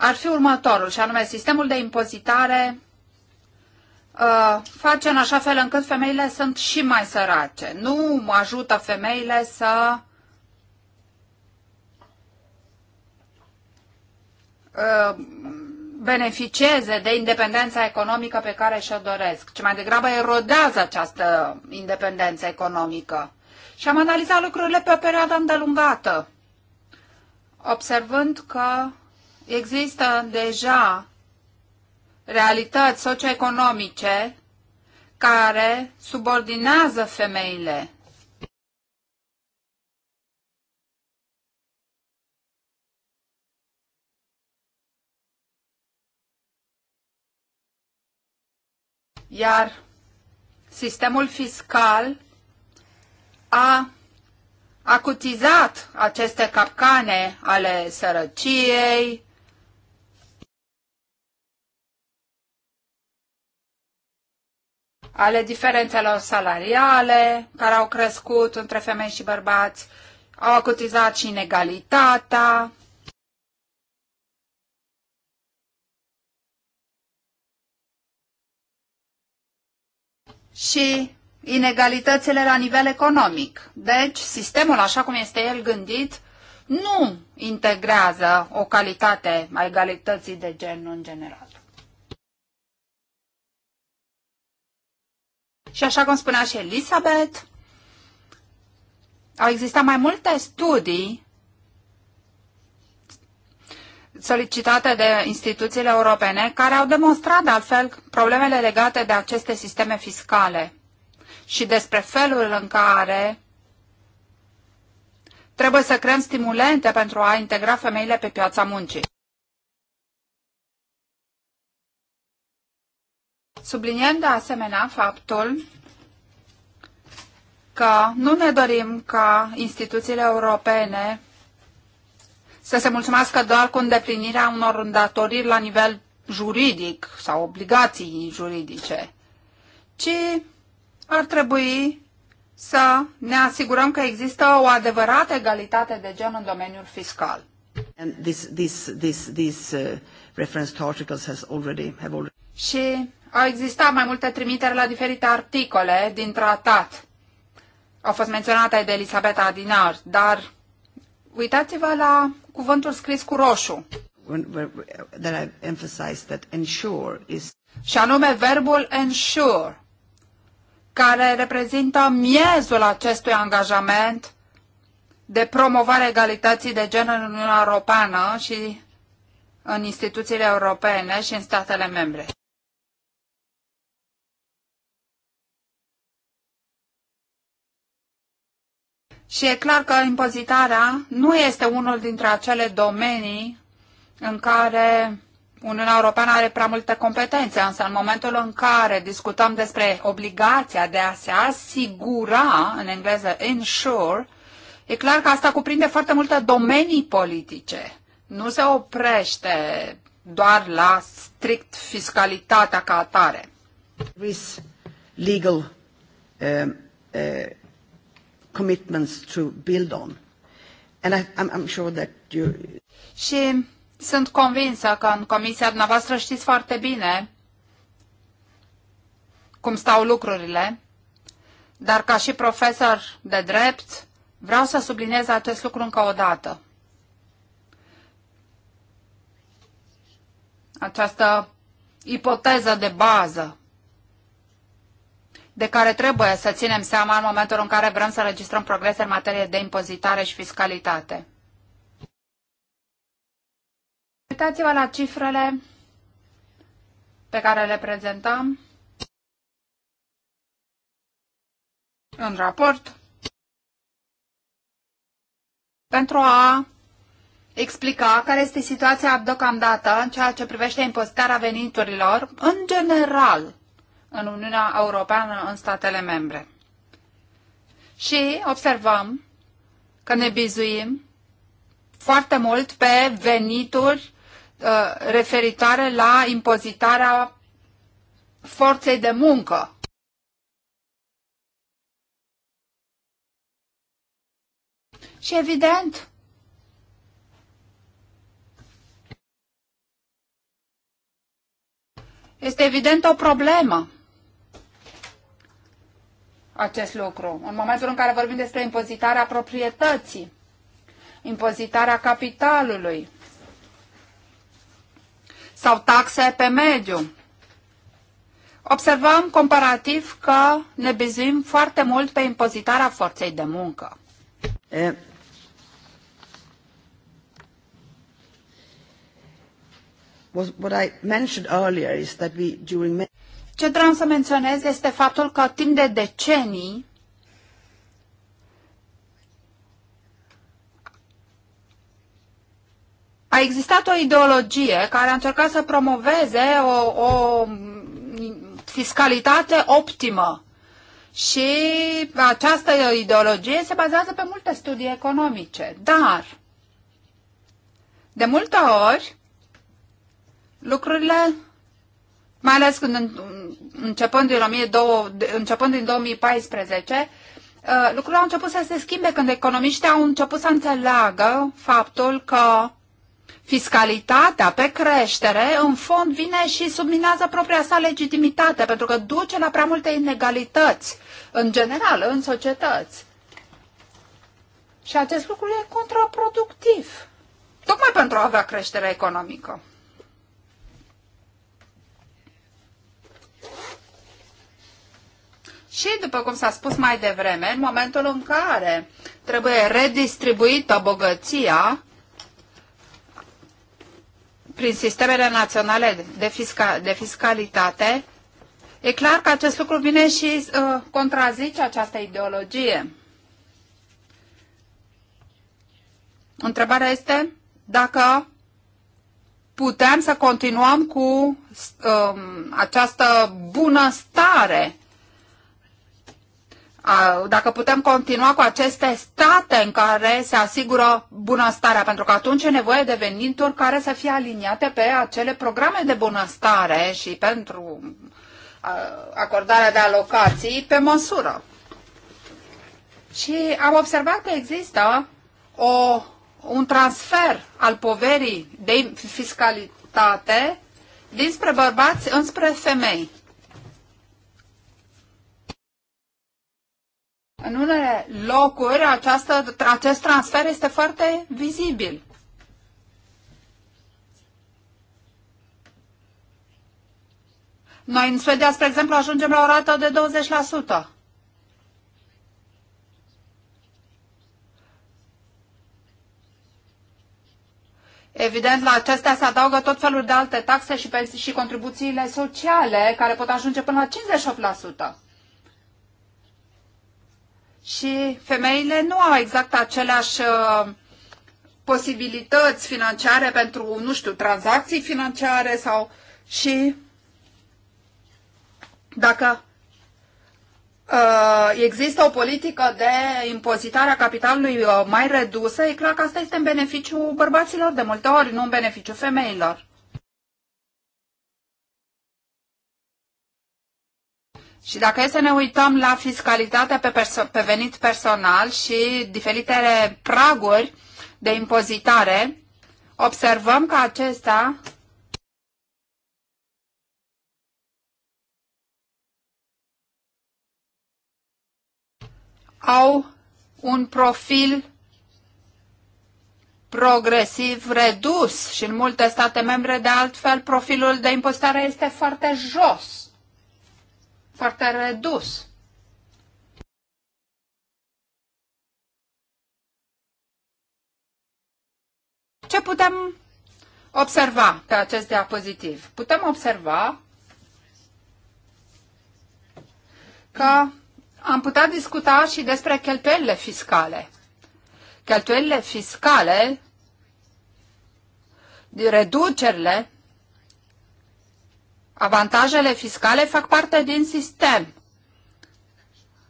ar fi următorul, și anume sistemul de impozitare uh, face în așa fel încât femeile sunt și mai sărace. Nu ajută femeile să uh, beneficieze de independența economică pe care și-o doresc, ci mai degrabă erodează această independență economică. Și am analizat lucrurile pe o perioadă îndelungată, observând că există deja realități socioeconomice care subordinează femeile. Iar sistemul fiscal a acutizat aceste capcane ale sărăciei, ale diferențelor salariale care au crescut între femei și bărbați, au acutizat și inegalitatea, și inegalitățile la nivel economic. Deci, sistemul așa cum este el gândit nu integrează o calitate a egalității de gen în general. Și așa cum spunea și Elisabeth, au existat mai multe studii solicitate de instituțiile europene care au demonstrat, de altfel, problemele legate de aceste sisteme fiscale și despre felul în care trebuie să creăm stimulente pentru a integra femeile pe piața muncii. Subliniem de asemenea faptul că nu ne dorim ca instituțiile europene să se mulțumească doar cu îndeplinirea unor îndatoriri la nivel juridic sau obligații juridice, ci ar trebui să ne asigurăm că există o adevărată egalitate de gen în domeniul fiscal. And this, this, this, this uh, reference to articles has already, have already... Și au existat mai multe trimiteri la diferite articole din tratat. Au fost menționate de Elisabeta Dinar, dar uitați-vă la cuvântul scris cu roșu. Și anume verbul ensure, care reprezintă miezul acestui angajament de promovare egalității de gen în Uniunea Europeană și în instituțiile europene și în statele membre. Și e clar că impozitarea nu este unul dintre acele domenii în care Uniunea Europeană are prea multe competențe, însă în momentul în care discutăm despre obligația de a se asigura, în engleză insure, e clar că asta cuprinde foarte multe domenii politice. Nu se oprește doar la strict fiscalitatea ca atare. Legal, um, uh, uh commitments to build on. And I, I'm, I'm sure that you... Și sunt convinsă că în comisia dumneavoastră știți foarte bine cum stau lucrurile, dar ca și profesor de drept vreau să subliniez acest lucru încă o dată. Această ipoteză de bază de care trebuie să ținem seama în momentul în care vrem să registrăm progrese în materie de impozitare și fiscalitate. Uitați-vă la cifrele pe care le prezentam în raport pentru a explica care este situația deocamdată în ceea ce privește impozitarea veniturilor în general în Uniunea Europeană, în statele membre. Și observăm că ne bizuim foarte mult pe venituri uh, referitoare la impozitarea forței de muncă. Și evident, este evident o problemă acest lucru. În momentul în care vorbim despre impozitarea proprietății, impozitarea capitalului sau taxe pe mediu, observăm comparativ că ne bizuim foarte mult pe impozitarea forței de muncă. E... was what I mentioned earlier is that we during ce vreau să menționez este faptul că timp de decenii a existat o ideologie care a încercat să promoveze o, o fiscalitate optimă. Și această ideologie se bazează pe multe studii economice. Dar, de multe ori, lucrurile mai ales când în, începând, din 2002, începând din 2014, uh, lucrurile au început să se schimbe când economiștii au început să înțeleagă faptul că fiscalitatea pe creștere, în fond, vine și subminează propria sa legitimitate, pentru că duce la prea multe inegalități, în general, în societăți. Și acest lucru e contraproductiv, tocmai pentru a avea creștere economică. Și, după cum s-a spus mai devreme, în momentul în care trebuie redistribuită bogăția prin sistemele naționale de, fisca, de fiscalitate, e clar că acest lucru vine și uh, contrazice această ideologie. Întrebarea este dacă putem să continuăm cu um, această bunăstare dacă putem continua cu aceste state în care se asigură bunăstarea, pentru că atunci e nevoie de venituri care să fie aliniate pe acele programe de bunăstare și pentru acordarea de alocații pe măsură. Și am observat că există o, un transfer al poverii de fiscalitate dinspre bărbați înspre femei. În unele locuri această, acest transfer este foarte vizibil. Noi în Suedia, spre exemplu, ajungem la o rată de 20%. Evident, la acestea se adaugă tot felul de alte taxe și, și contribuțiile sociale, care pot ajunge până la 58% și femeile nu au exact aceleași uh, posibilități financiare pentru, nu știu, tranzacții financiare sau și dacă uh, există o politică de impozitare a capitalului uh, mai redusă, e clar că asta este în beneficiu bărbaților de multe ori, nu în beneficiu femeilor. Și dacă e să ne uităm la fiscalitatea pe, perso- pe venit personal și diferitele praguri de impozitare, observăm că acestea au un profil progresiv redus și în multe state membre, de altfel, profilul de impozitare este foarte jos foarte redus. Ce putem observa pe acest diapozitiv? Putem observa că am putea discuta și despre cheltuielile fiscale. Cheltuielile fiscale, reducerile Avantajele fiscale fac parte din sistem.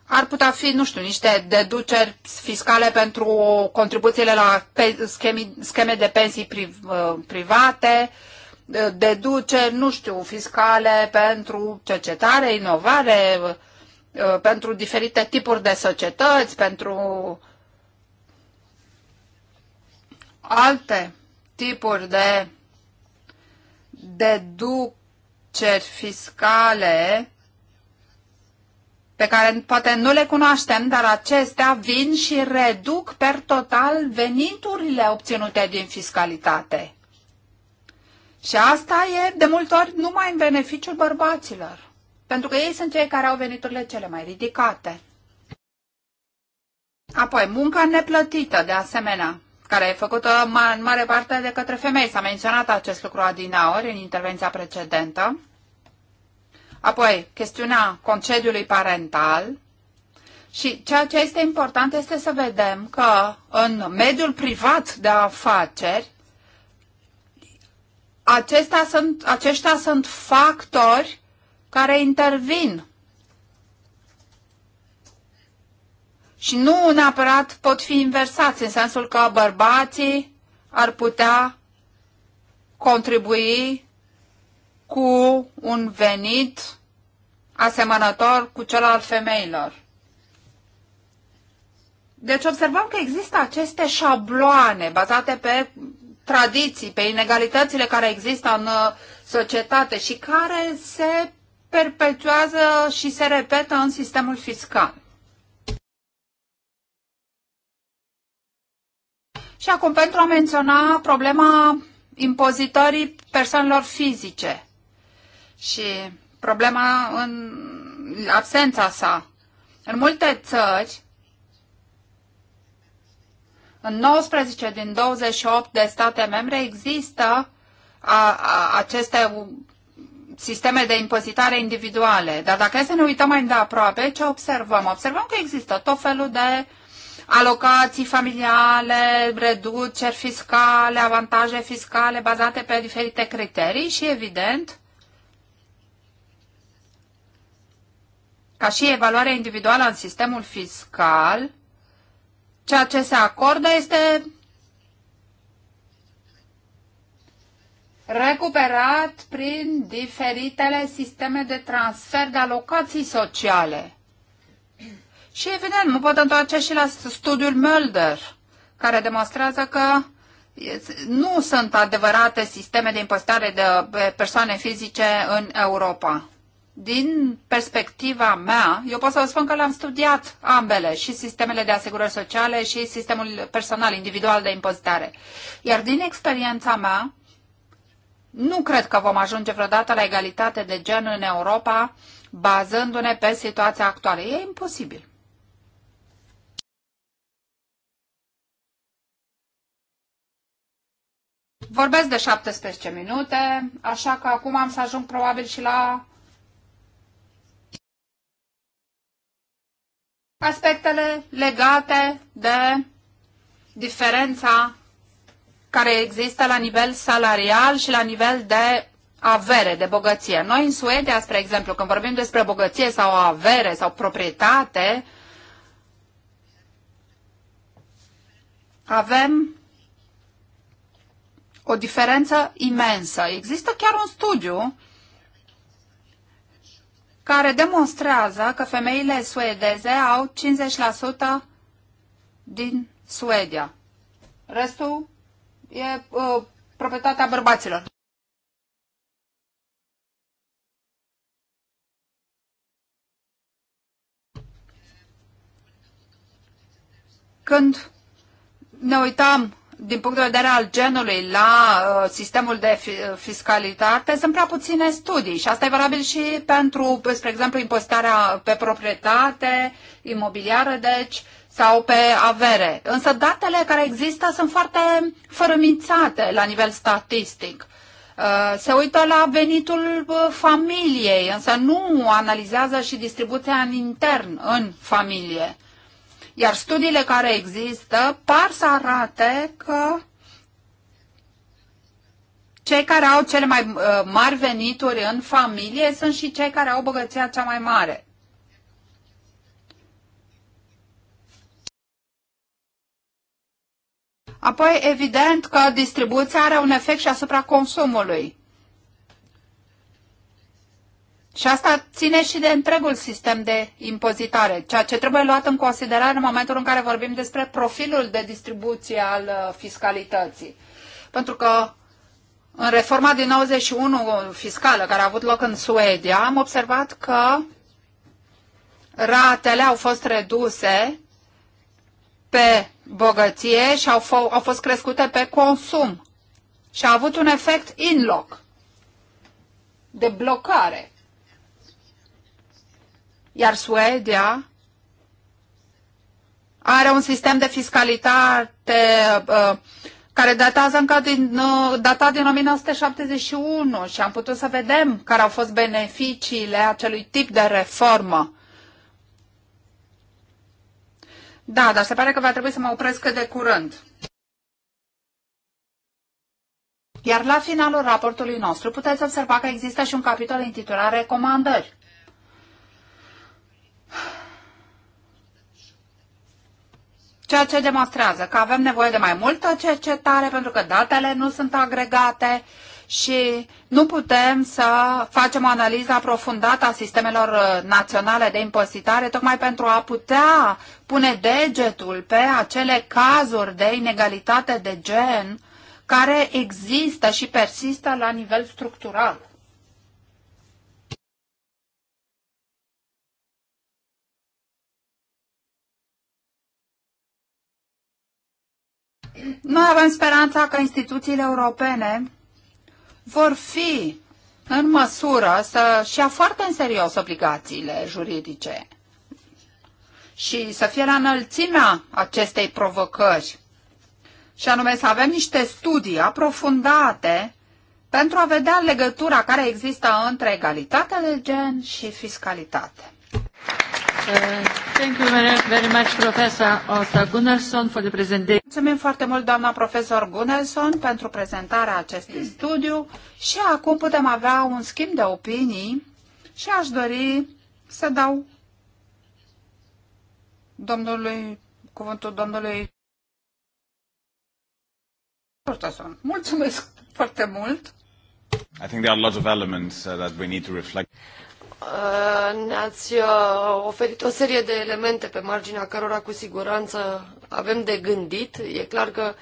Ar putea fi, nu știu, niște deduceri fiscale pentru contribuțiile la scheme, scheme de pensii uh, private, uh, deduceri, nu știu, fiscale pentru cercetare, inovare, uh, pentru diferite tipuri de societăți, pentru alte tipuri de deduc cer fiscale pe care poate nu le cunoaștem, dar acestea vin și reduc per total veniturile obținute din fiscalitate. Și asta e de multe ori numai în beneficiul bărbaților, pentru că ei sunt cei care au veniturile cele mai ridicate. Apoi, munca neplătită, de asemenea care e făcută în mare parte de către femei. S-a menționat acest lucru adinaori în intervenția precedentă. Apoi, chestiunea concediului parental. Și ceea ce este important este să vedem că în mediul privat de afaceri, acestea sunt, aceștia sunt factori care intervin și nu neapărat pot fi inversați, în sensul că bărbații ar putea contribui cu un venit asemănător cu cel al femeilor. Deci observăm că există aceste șabloane bazate pe tradiții, pe inegalitățile care există în uh, societate și care se perpetuează și se repetă în sistemul fiscal. Și acum pentru a menționa problema impozitării persoanelor fizice și problema în absența sa. În multe țări, în 19 din 28 de state membre există a, a, aceste sisteme de impozitare individuale. Dar dacă e să ne uităm mai de aproape, ce observăm? Observăm că există tot felul de alocații familiale, reduceri fiscale, avantaje fiscale bazate pe diferite criterii și, evident, ca și evaluarea individuală în sistemul fiscal, ceea ce se acordă este recuperat prin diferitele sisteme de transfer de alocații sociale. Și evident, mă pot întoarce și la studiul Mulder, care demonstrează că nu sunt adevărate sisteme de impostare de persoane fizice în Europa. Din perspectiva mea, eu pot să vă spun că le am studiat ambele, și sistemele de asigurări sociale și sistemul personal, individual de impozitare. Iar din experiența mea, nu cred că vom ajunge vreodată la egalitate de gen în Europa bazându-ne pe situația actuală. E imposibil. vorbesc de 17 minute, așa că acum am să ajung probabil și la aspectele legate de diferența care există la nivel salarial și la nivel de avere, de bogăție. Noi în Suedia, spre exemplu, când vorbim despre bogăție sau avere sau proprietate, avem o diferență imensă. Există chiar un studiu care demonstrează că femeile suedeze au 50% din Suedia. Restul e uh, proprietatea bărbaților. Când ne uitam din punct de vedere al genului la uh, sistemul de uh, fiscalitate sunt prea puține studii și asta e valabil și pentru, spre exemplu, impozitarea pe proprietate imobiliară, deci, sau pe avere. Însă datele care există sunt foarte fărămințate la nivel statistic. Uh, se uită la venitul familiei, însă nu analizează și distribuția în intern în familie. Iar studiile care există par să arate că cei care au cele mai uh, mari venituri în familie sunt și cei care au bogăția cea mai mare. Apoi, evident că distribuția are un efect și asupra consumului. Și asta ține și de întregul sistem de impozitare, ceea ce trebuie luat în considerare în momentul în care vorbim despre profilul de distribuție al uh, fiscalității. Pentru că în reforma din 91 fiscală care a avut loc în Suedia, am observat că ratele au fost reduse pe bogăție și au, f- au fost crescute pe consum. Și a avut un efect in loc de blocare iar Suedia are un sistem de fiscalitate uh, care datează încă din, uh, data din 1971 și am putut să vedem care au fost beneficiile acelui tip de reformă. Da, dar se pare că va trebui să mă opresc cât de curând. Iar la finalul raportului nostru puteți observa că există și un capitol intitulat Recomandări. Ceea ce demonstrează că avem nevoie de mai multă cercetare pentru că datele nu sunt agregate și nu putem să facem o analiză aprofundată a sistemelor uh, naționale de impozitare tocmai pentru a putea pune degetul pe acele cazuri de inegalitate de gen care există și persistă la nivel structural. Noi avem speranța că instituțiile europene vor fi în măsură să-și ia foarte în serios obligațiile juridice și să fie la înălțimea acestei provocări. Și anume să avem niște studii aprofundate pentru a vedea legătura care există între egalitatea de gen și fiscalitate. Uh, Gunnarsson, Mulțumim foarte mult, doamna profesor Gunnarsson, pentru prezentarea acestui studiu și acum putem avea un schimb de opinii și aș dori să dau domnului, cuvântul domnului Gunnarsson. Mulțumesc <laughs> foarte mult! I think there are lots of elements uh, that we need to reflect. Uh, ne-ați uh, oferit o serie de elemente pe marginea cărora cu siguranță avem de gândit. E clar că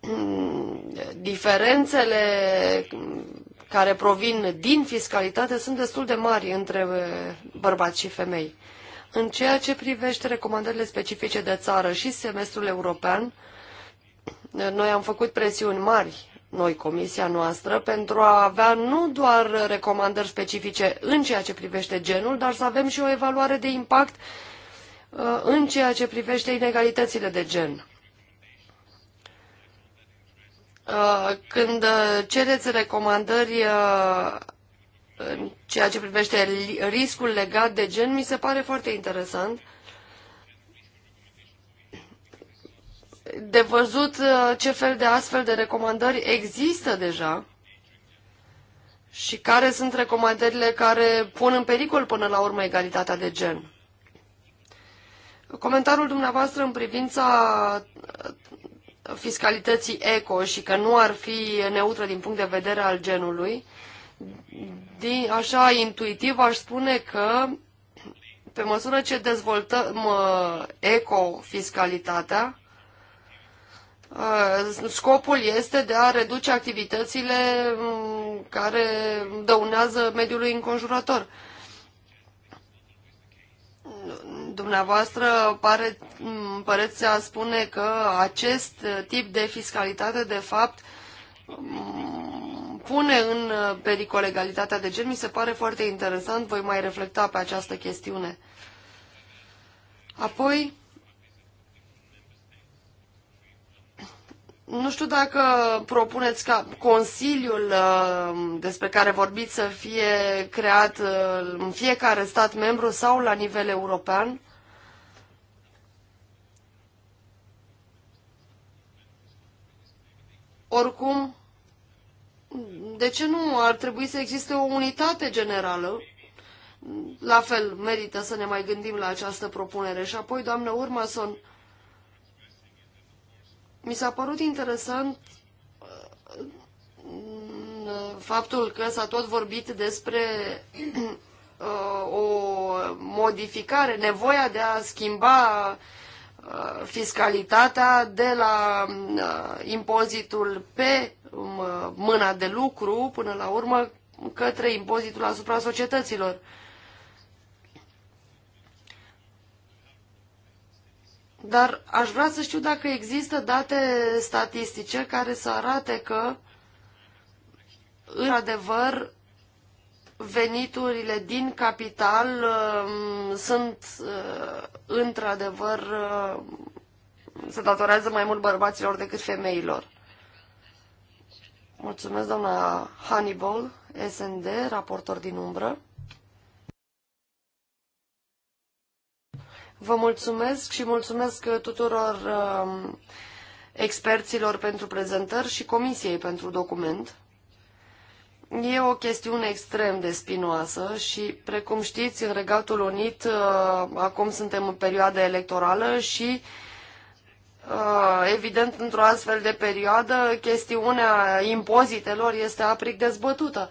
mm, diferențele care provin din fiscalitate sunt destul de mari între uh, bărbați și femei. În ceea ce privește recomandările specifice de țară și semestrul european, noi am făcut presiuni mari noi, comisia noastră, pentru a avea nu doar recomandări specifice în ceea ce privește genul, dar să avem și o evaluare de impact uh, în ceea ce privește inegalitățile de gen. Uh, când uh, cereți recomandări în ceea ce privește riscul legat de gen, mi se pare foarte interesant de văzut uh, ce fel de astfel de recomandări există deja și care sunt recomandările care pun în pericol până la urmă egalitatea de gen. Comentarul dumneavoastră în privința uh, fiscalității eco și că nu ar fi neutră din punct de vedere al genului, din, așa intuitiv aș spune că pe măsură ce dezvoltăm uh, eco-fiscalitatea, Uh, scopul este de a reduce activitățile um, care dăunează mediului înconjurător. Dumneavoastră pare, um, păreți a spune că acest tip de fiscalitate, de fapt, um, pune în pericol egalitatea de gen. Mi se pare foarte interesant, voi mai reflecta pe această chestiune. Apoi, Nu știu dacă propuneți ca Consiliul uh, despre care vorbiți să fie creat uh, în fiecare stat membru sau la nivel european. Oricum, de ce nu? Ar trebui să existe o unitate generală. La fel, merită să ne mai gândim la această propunere. Și apoi, doamnă Urmason, uh, mi s-a părut interesant uh, faptul că s-a tot vorbit despre uh, o modificare, nevoia de a schimba uh, fiscalitatea de la impozitul pe um, mâna de lucru până la urmă către impozitul asupra societăților. dar aș vrea să știu dacă există date statistice care să arate că, în adevăr, veniturile din capital uh, sunt, uh, într-adevăr, uh, se datorează mai mult bărbaților decât femeilor. Mulțumesc, doamna Hannibal, SND, raportor din umbră. Vă mulțumesc și mulțumesc tuturor uh, experților pentru prezentări și comisiei pentru document. E o chestiune extrem de spinoasă și, precum știți, în Regatul Unit uh, acum suntem în perioadă electorală și uh, Evident, într-o astfel de perioadă, chestiunea impozitelor este apric dezbătută.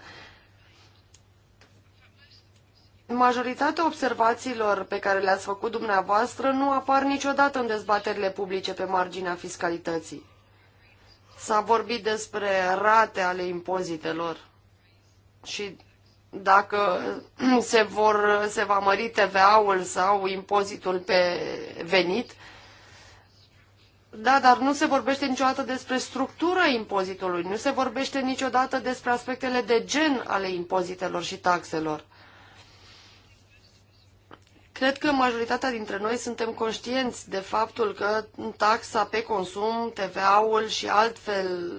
Majoritatea observațiilor pe care le-ați făcut dumneavoastră nu apar niciodată în dezbaterile publice pe marginea fiscalității. S-a vorbit despre rate ale impozitelor și dacă <clears throat> se, vor, se va mări TVA-ul sau impozitul pe venit. Da, dar nu se vorbește niciodată despre structura impozitului, nu se vorbește niciodată despre aspectele de gen ale impozitelor și taxelor. Cred că majoritatea dintre noi suntem conștienți de faptul că taxa pe consum, TVA-ul și altfel,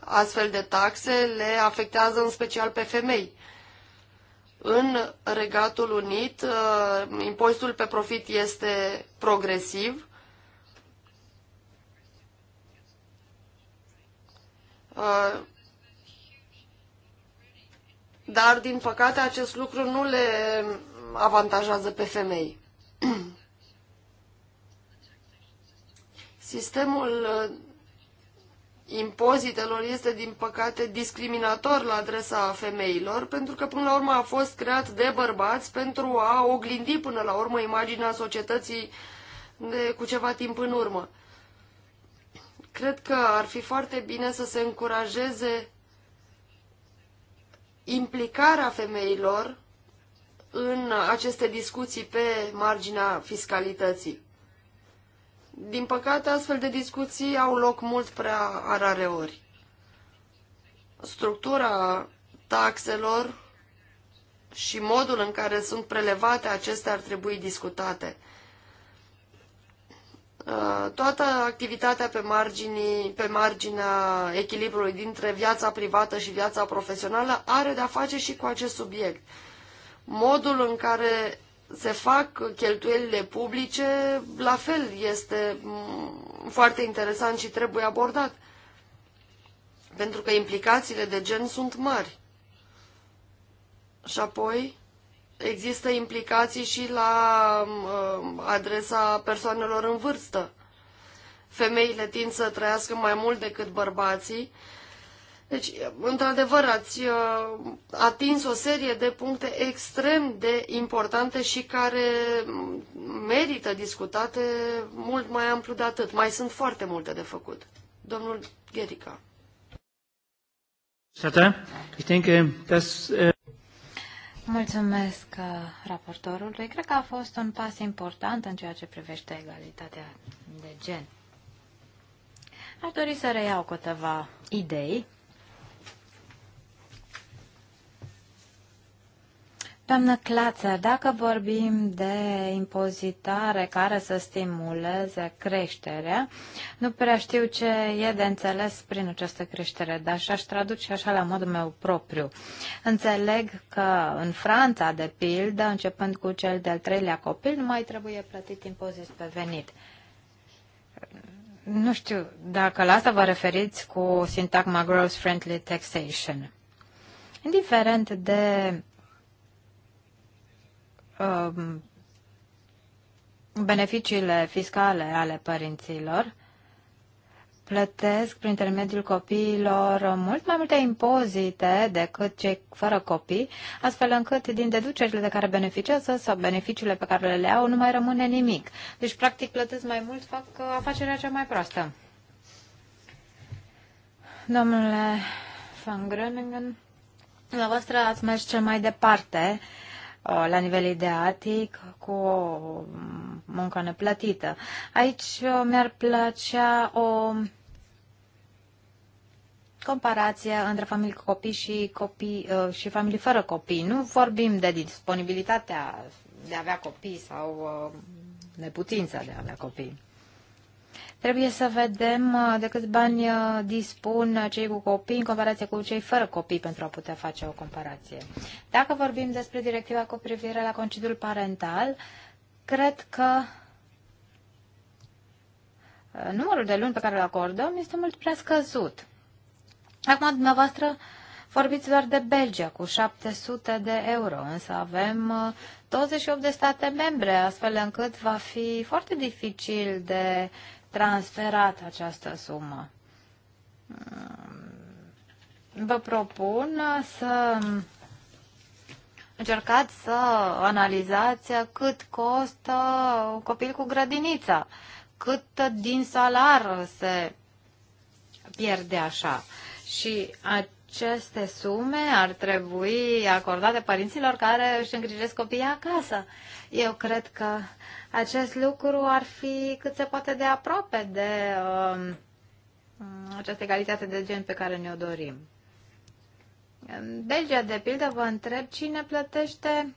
astfel de taxe le afectează în special pe femei. În Regatul Unit, impozitul pe profit este progresiv. dar din păcate acest lucru nu le avantajează pe femei. <clears throat> Sistemul uh, impozitelor este, din păcate, discriminator la adresa femeilor, pentru că, până la urmă, a fost creat de bărbați pentru a oglindi, până la urmă, imaginea societății de, cu ceva timp în urmă. Cred că ar fi foarte bine să se încurajeze implicarea femeilor în aceste discuții pe marginea fiscalității. Din păcate, astfel de discuții au loc mult prea rare ori. Structura taxelor și modul în care sunt prelevate acestea ar trebui discutate. Uh, toată activitatea pe, marginii, pe marginea echilibrului dintre viața privată și viața profesională are de-a face și cu acest subiect modul în care se fac cheltuielile publice, la fel, este foarte interesant și trebuie abordat. Pentru că implicațiile de gen sunt mari. Și apoi există implicații și la uh, adresa persoanelor în vârstă. Femeile tind să trăiască mai mult decât bărbații deci, într-adevăr, ați uh, atins o serie de puncte extrem de importante și care merită discutate mult mai amplu de atât. Mai sunt foarte multe de făcut. Domnul Gherica. Uh, uh, Mulțumesc raportorului. Cred că a fost un pas important în ceea ce privește egalitatea de gen. Aș dori să reiau câteva idei Doamnă Clață, dacă vorbim de impozitare care să stimuleze creșterea, nu prea știu ce e de înțeles prin această creștere, dar și-aș traduce așa la modul meu propriu. Înțeleg că în Franța, de pildă, începând cu cel de-al treilea copil, nu mai trebuie plătit impozit pe venit. Nu știu dacă la asta vă referiți cu sintagma Growth Friendly Taxation. Indiferent de Um, beneficiile fiscale ale părinților, plătesc prin intermediul copiilor mult mai multe impozite decât cei fără copii, astfel încât din deducerile de care beneficiază sau beneficiile pe care le au nu mai rămâne nimic. Deci, practic, plătesc mai mult, fac afacerea cea mai proastă. Domnule Van Gröningen, voastră ați mers cel mai departe uh, Uh, la nivel ideatic cu o mm, muncă neplătită. Aici uh, mi-ar plăcea o comparație între familii cu copii și, copii, uh, și familii fără copii. Nu vorbim de disponibilitatea de a avea copii sau neputința de a avea copii. Trebuie să vedem uh, de câți bani uh, dispun cei cu copii în comparație cu cei fără copii pentru a putea face o comparație. Dacă vorbim despre directiva cu privire la concediul parental, cred că uh, numărul de luni pe care îl acordăm este mult prea scăzut. Acum, dumneavoastră, vorbiți doar de Belgia cu 700 de euro, însă avem 28 de state membre, astfel încât va fi foarte dificil de transferat această sumă. Mm, vă propun să încercați să analizați cât costă un copil cu grădinița, cât din salar se pierde așa. Și aceste sume ar trebui acordate părinților care își îngrijesc copiii acasă. Eu cred că acest lucru ar fi cât se poate de aproape de uh, această egalitate de gen pe care ne-o dorim. În Belgia, de pildă, vă întreb cine plătește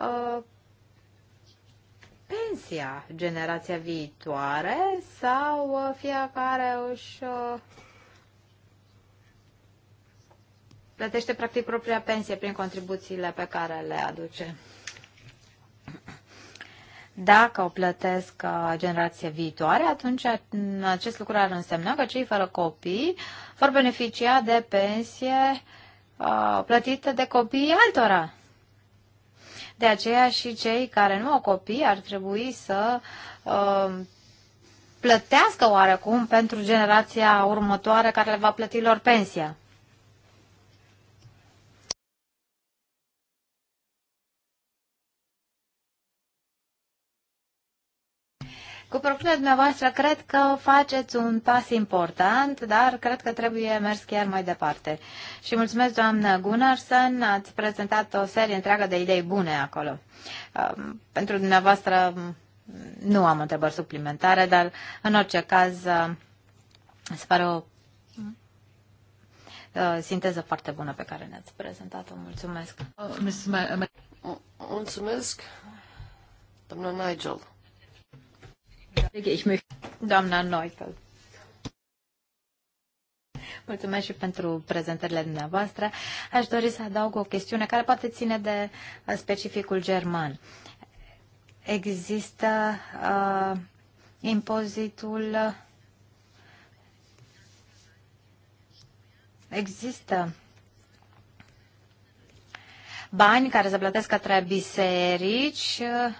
uh, pensia, generația viitoare sau uh, fiecare își uh, plătește practic propria pensie prin contribuțiile pe care le aduce. Dacă o plătesc uh, generație viitoare, atunci mm, acest lucru ar însemna că cei fără copii vor beneficia de pensie uh, plătită de copiii altora. De aceea și cei care nu au copii ar trebui să uh, plătească oarecum pentru generația următoare care le va plăti lor pensia. Cu propunerea dumneavoastră, cred că faceți un pas important, dar cred că trebuie mers chiar mai departe. Și mulțumesc, doamnă Gunnarsson, ați prezentat o serie întreagă de idei bune acolo. Um, pentru dumneavoastră mm, nu am întrebări suplimentare, dar în orice caz uh, se pare o uh, sinteză foarte bună pe care ne-ați prezentat-o. Mulțumesc! Uh, mulțumesc, doamna Nigel! Doamna Neufeld. Mulțumesc și pentru prezentările dumneavoastră. Aș dori să adaug o chestiune care poate ține de uh, specificul german. Există uh, impozitul. Există bani care se plătesc către biserici. Uh,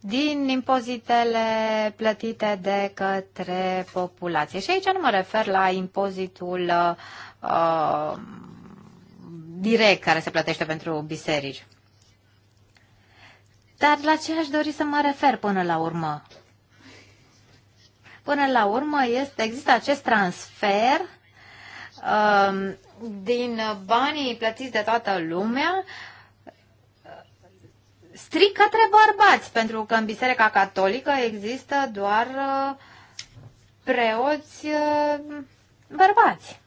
din impozitele plătite de către populație. Și aici nu mă refer la impozitul uh, direct care se plătește pentru biserici. Dar la ce aș dori să mă refer până la urmă? Până la urmă este, există acest transfer uh, din banii plătiți de toată lumea strict către bărbați, pentru că în Biserica Catolică există doar uh, preoți uh, bărbați.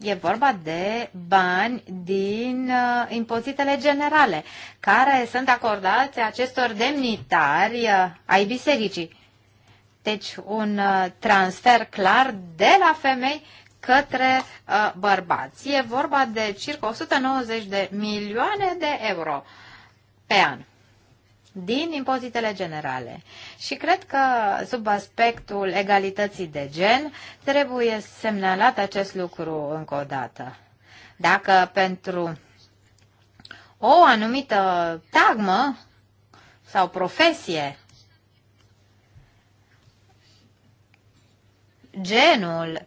E vorba de bani din uh, impozitele generale, care sunt acordați acestor demnitari ai bisericii. Deci un transfer clar de la femei către uh, bărbați. E vorba de circa 190 de milioane de euro pe an din impozitele generale. Și cred că sub aspectul egalității de gen trebuie semnalat acest lucru încă o dată. Dacă pentru o anumită tagmă sau profesie genul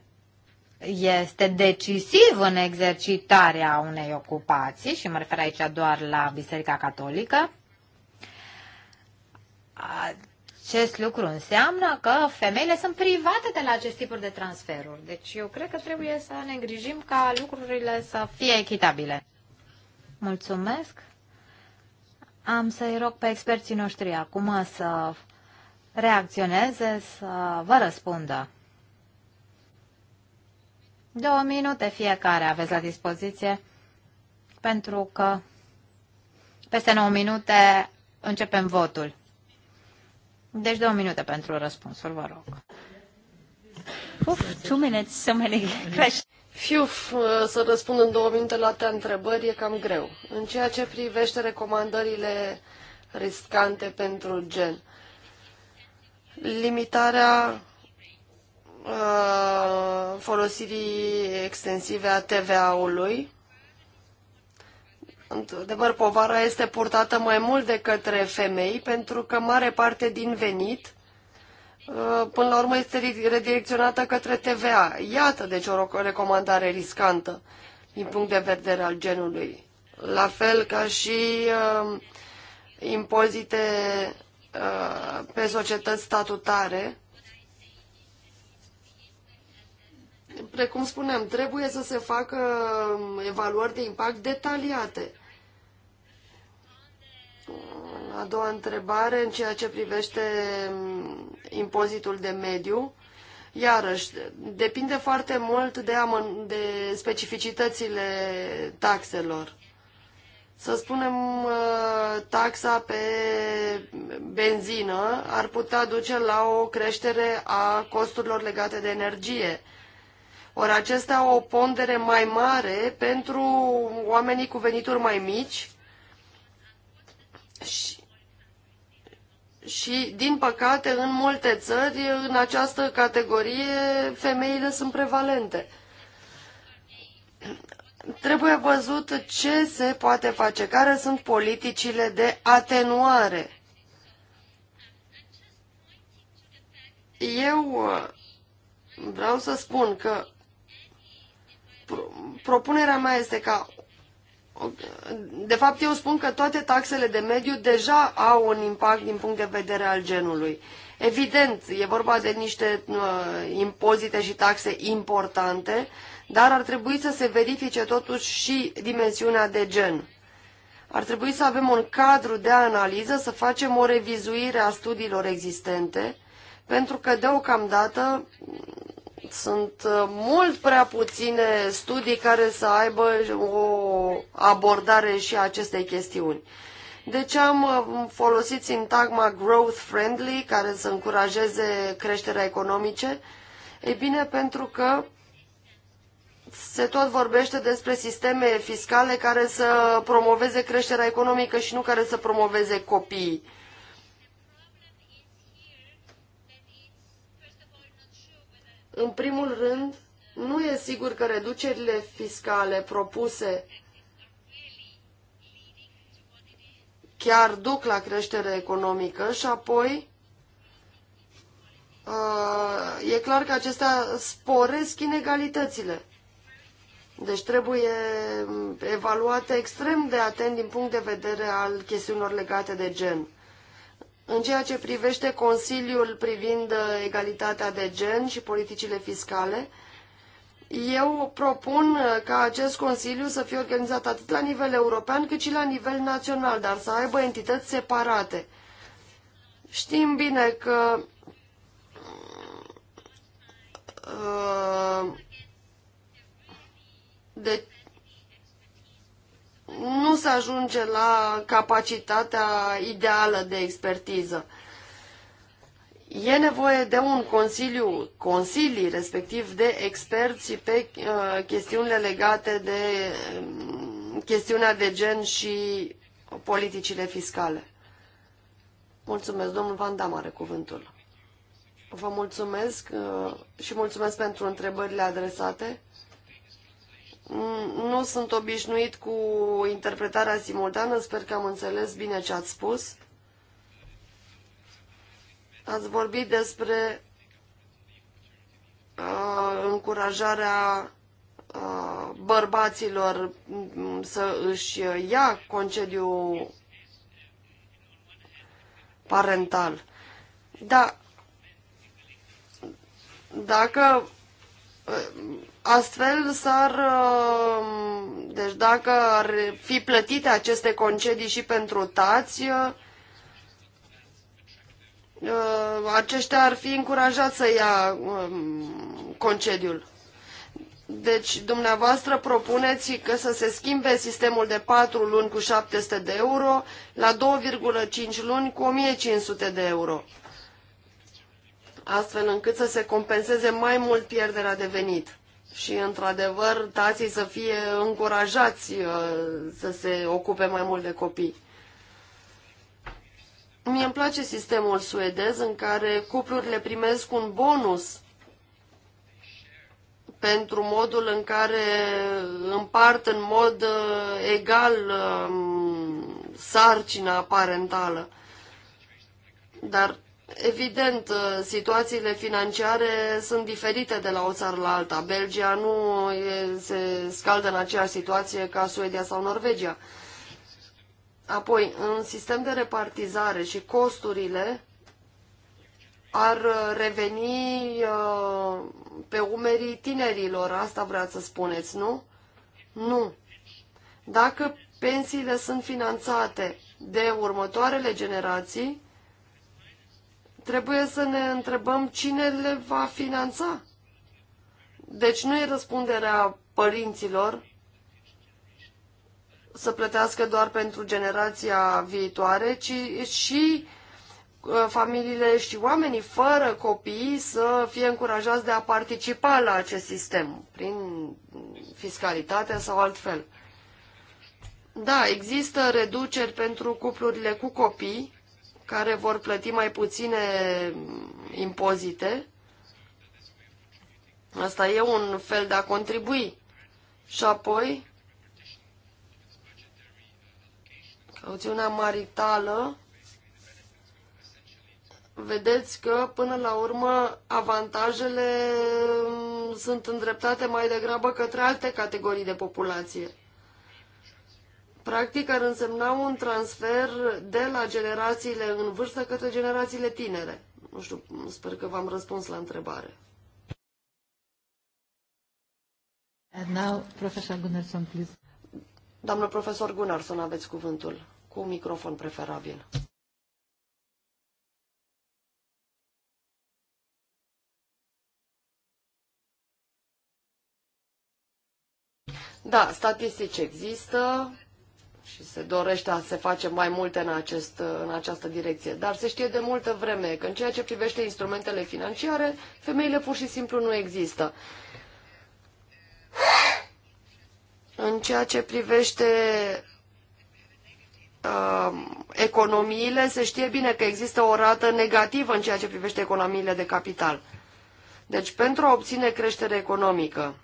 este decisiv în exercitarea unei ocupații, și mă refer aici doar la Biserica Catolică, acest lucru înseamnă că femeile sunt private de la acest tipuri de transferuri. Deci eu cred că trebuie să ne îngrijim ca lucrurile să fie echitabile. Mulțumesc. Am să-i rog pe experții noștri acum să reacționeze, să vă răspundă. Două minute fiecare aveți la dispoziție, pentru că peste 9 minute începem votul. Deci două minute pentru răspunsul, vă rog. Uf, two minutes, so many questions. Fiuf, să răspund în două minute la toate întrebări e cam greu. În ceea ce privește recomandările riscante pentru gen, limitarea Uh, folosirii extensive a TVA-ului. Într-adevăr, povara este purtată mai mult de către femei, pentru că mare parte din venit, uh, până la urmă, este redirecționată către TVA. Iată, deci, o recomandare riscantă din punct de vedere al genului. La fel ca și uh, impozite uh, pe societăți statutare, precum spuneam, trebuie să se facă um, evaluări de impact detaliate. A doua întrebare, în ceea ce privește um, impozitul de mediu, iarăși, depinde foarte mult de, amân- de specificitățile taxelor. Să spunem, uh, taxa pe benzină ar putea duce la o creștere a costurilor legate de energie ori acestea au o pondere mai mare pentru oamenii cu venituri mai mici și, și, din păcate, în multe țări, în această categorie, femeile sunt prevalente. Trebuie văzut ce se poate face, care sunt politicile de atenuare. Eu uh, vreau să spun că propunerea mea este ca de fapt, eu spun că toate taxele de mediu deja au un impact din punct de vedere al genului. Evident, e vorba de niște uh, impozite și taxe importante, dar ar trebui să se verifice totuși și dimensiunea de gen. Ar trebui să avem un cadru de analiză, să facem o revizuire a studiilor existente, pentru că deocamdată sunt uh, mult prea puține studii care să aibă o abordare și a acestei chestiuni. Deci am uh, folosit sintagma growth friendly, care să încurajeze creșterea economice. Ei bine, pentru că se tot vorbește despre sisteme fiscale care să promoveze creșterea economică și nu care să promoveze copiii. În primul rând, nu e sigur că reducerile fiscale propuse chiar duc la creștere economică și apoi uh, e clar că acestea sporesc inegalitățile. Deci trebuie um, evaluate extrem de atent din punct de vedere al chestiunilor legate de gen. În ceea ce privește Consiliul privind uh, egalitatea de gen și politicile fiscale, eu propun uh, ca acest Consiliu să fie organizat atât la nivel european cât și la nivel național, dar să aibă entități separate. Știm bine că uh, de nu se ajunge la capacitatea ideală de expertiză. E nevoie de un consiliu, consilii respectiv de experți pe uh, chestiunile legate de uh, chestiunea de gen și politicile fiscale. Mulțumesc, domnul Van Damme are cuvântul. Vă mulțumesc uh, și mulțumesc pentru întrebările adresate. Mm, nu sunt obișnuit cu interpretarea simultană, sper că am înțeles bine ce ați spus. Ați vorbit despre uh, încurajarea uh, bărbaților mm, să își ia concediu parental. Da, dacă uh, Astfel s-ar... Uh, deci dacă ar fi plătite aceste concedii și pentru tați, uh, uh, aceștia ar fi încurajați să ia um, concediul. Deci, dumneavoastră propuneți că să se schimbe sistemul de 4 luni cu 700 de euro la 2,5 luni cu 1500 de euro, astfel încât să se compenseze mai mult pierderea de venit și, într-adevăr, tații să fie încurajați uh, să se ocupe mai mult de copii. Mie îmi place sistemul suedez în care cuplurile primesc un bonus pentru modul în care împart în mod uh, egal um, sarcina parentală. Dar Evident, uh, situațiile financiare sunt diferite de la o țară la alta. Belgia nu e, se scaldă în aceeași situație ca Suedia sau Norvegia. Apoi, în sistem de repartizare și costurile ar uh, reveni uh, pe umerii tinerilor, asta vrea să spuneți, nu? Nu. Dacă pensiile sunt finanțate de următoarele generații, trebuie să ne întrebăm cine le va finanța. Deci nu e răspunderea părinților să plătească doar pentru generația viitoare, ci și uh, familiile și oamenii fără copii să fie încurajați de a participa la acest sistem, prin fiscalitate sau altfel. Da, există reduceri pentru cuplurile cu copii, care vor plăti mai puține impozite. Asta e un fel de a contribui. Și apoi, cauțiunea maritală, vedeți că, până la urmă, avantajele mm, sunt îndreptate mai degrabă către alte categorii de populație practic ar însemna un transfer de la generațiile în vârstă către generațiile tinere. Nu știu, sper că v-am răspuns la întrebare. And now, Professor Gunnarsson, please. Doamnă profesor Gunnarsson, aveți cuvântul, cu microfon preferabil. Da, statistici există, și se dorește a se face mai multe în, acest, în această direcție. Dar se știe de multă vreme că în ceea ce privește instrumentele financiare, femeile pur și simplu nu există. În ceea ce privește uh, economiile, se știe bine că există o rată negativă în ceea ce privește economiile de capital. Deci, pentru a obține creștere economică,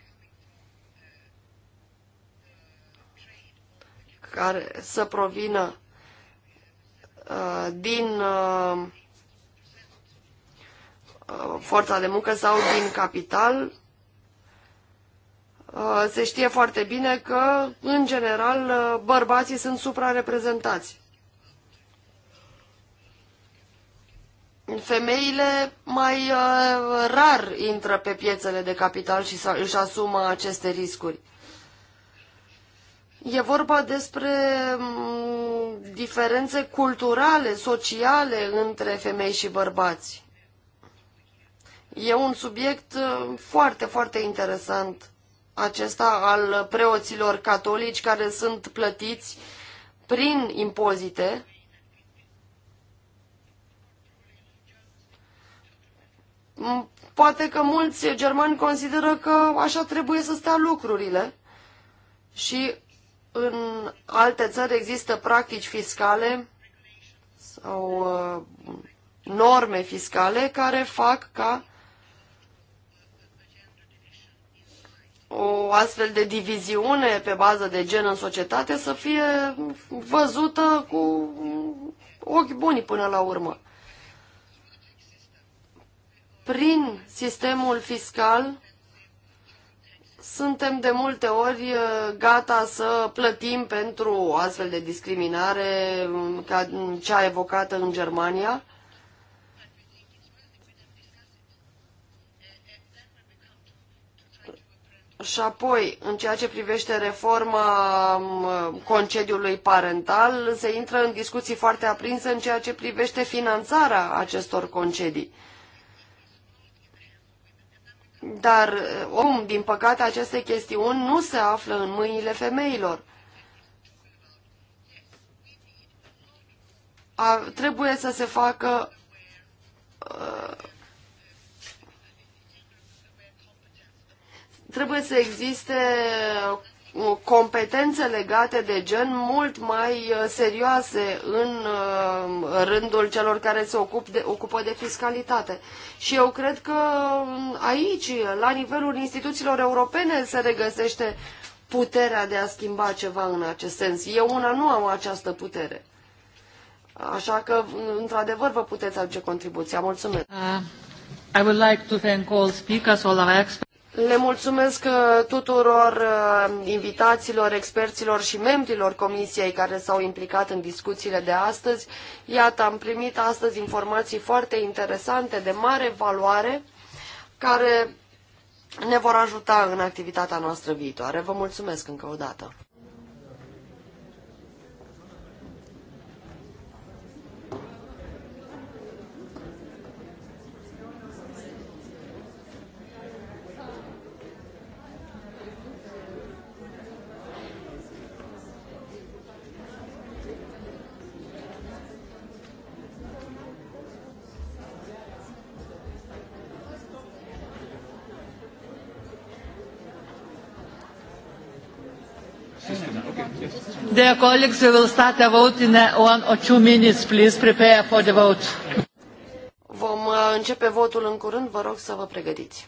care să provină uh, din uh, uh, forța de muncă sau din capital, se știe foarte bine că, în general, bărbații sunt suprareprezentați. Femeile mai rar intră pe piețele de capital și își asumă aceste riscuri. E vorba despre mm, diferențe culturale, sociale între femei și bărbați. E un subiect mm, foarte, foarte interesant acesta al preoților catolici care sunt plătiți prin impozite. Mm, poate că mulți germani consideră că așa trebuie să stea lucrurile și în alte țări există practici fiscale sau uh, norme fiscale care fac ca o astfel de diviziune pe bază de gen în societate să fie văzută cu ochi buni până la urmă. Prin sistemul fiscal suntem de multe ori uh, gata să plătim pentru astfel de discriminare um, ca cea evocată în Germania, Și apoi, în ceea ce privește reforma um, concediului parental, se intră în discuții foarte aprinse în ceea ce privește finanțarea acestor concedii. Dar, uh, om, din păcate, aceste chestiuni nu se află în mâinile femeilor. A, trebuie să se facă uh, trebuie să existe competențe legate de gen mult mai uh, serioase în uh, rândul celor care se ocup de, ocupă de fiscalitate. Și eu cred că uh, aici, la nivelul instituțiilor europene, se regăsește puterea de a schimba ceva în acest sens. Eu una nu am această putere. Așa că, într-adevăr, vă puteți aduce contribuția. Mulțumesc. Uh, I would like to thank all speakers, all our experts. Le mulțumesc uh, tuturor uh, invitaților, experților și membrilor comisiei care s-au implicat în discuțiile de astăzi. Iată, am primit astăzi informații foarte interesante, de mare valoare, care ne vor ajuta în activitatea noastră viitoare. Vă mulțumesc încă o dată. Dear colleagues, we will start a vote in uh, one or two minutes. Please prepare for the vote. Vom uh, începe votul în curând. Vă rog să vă pregătiți.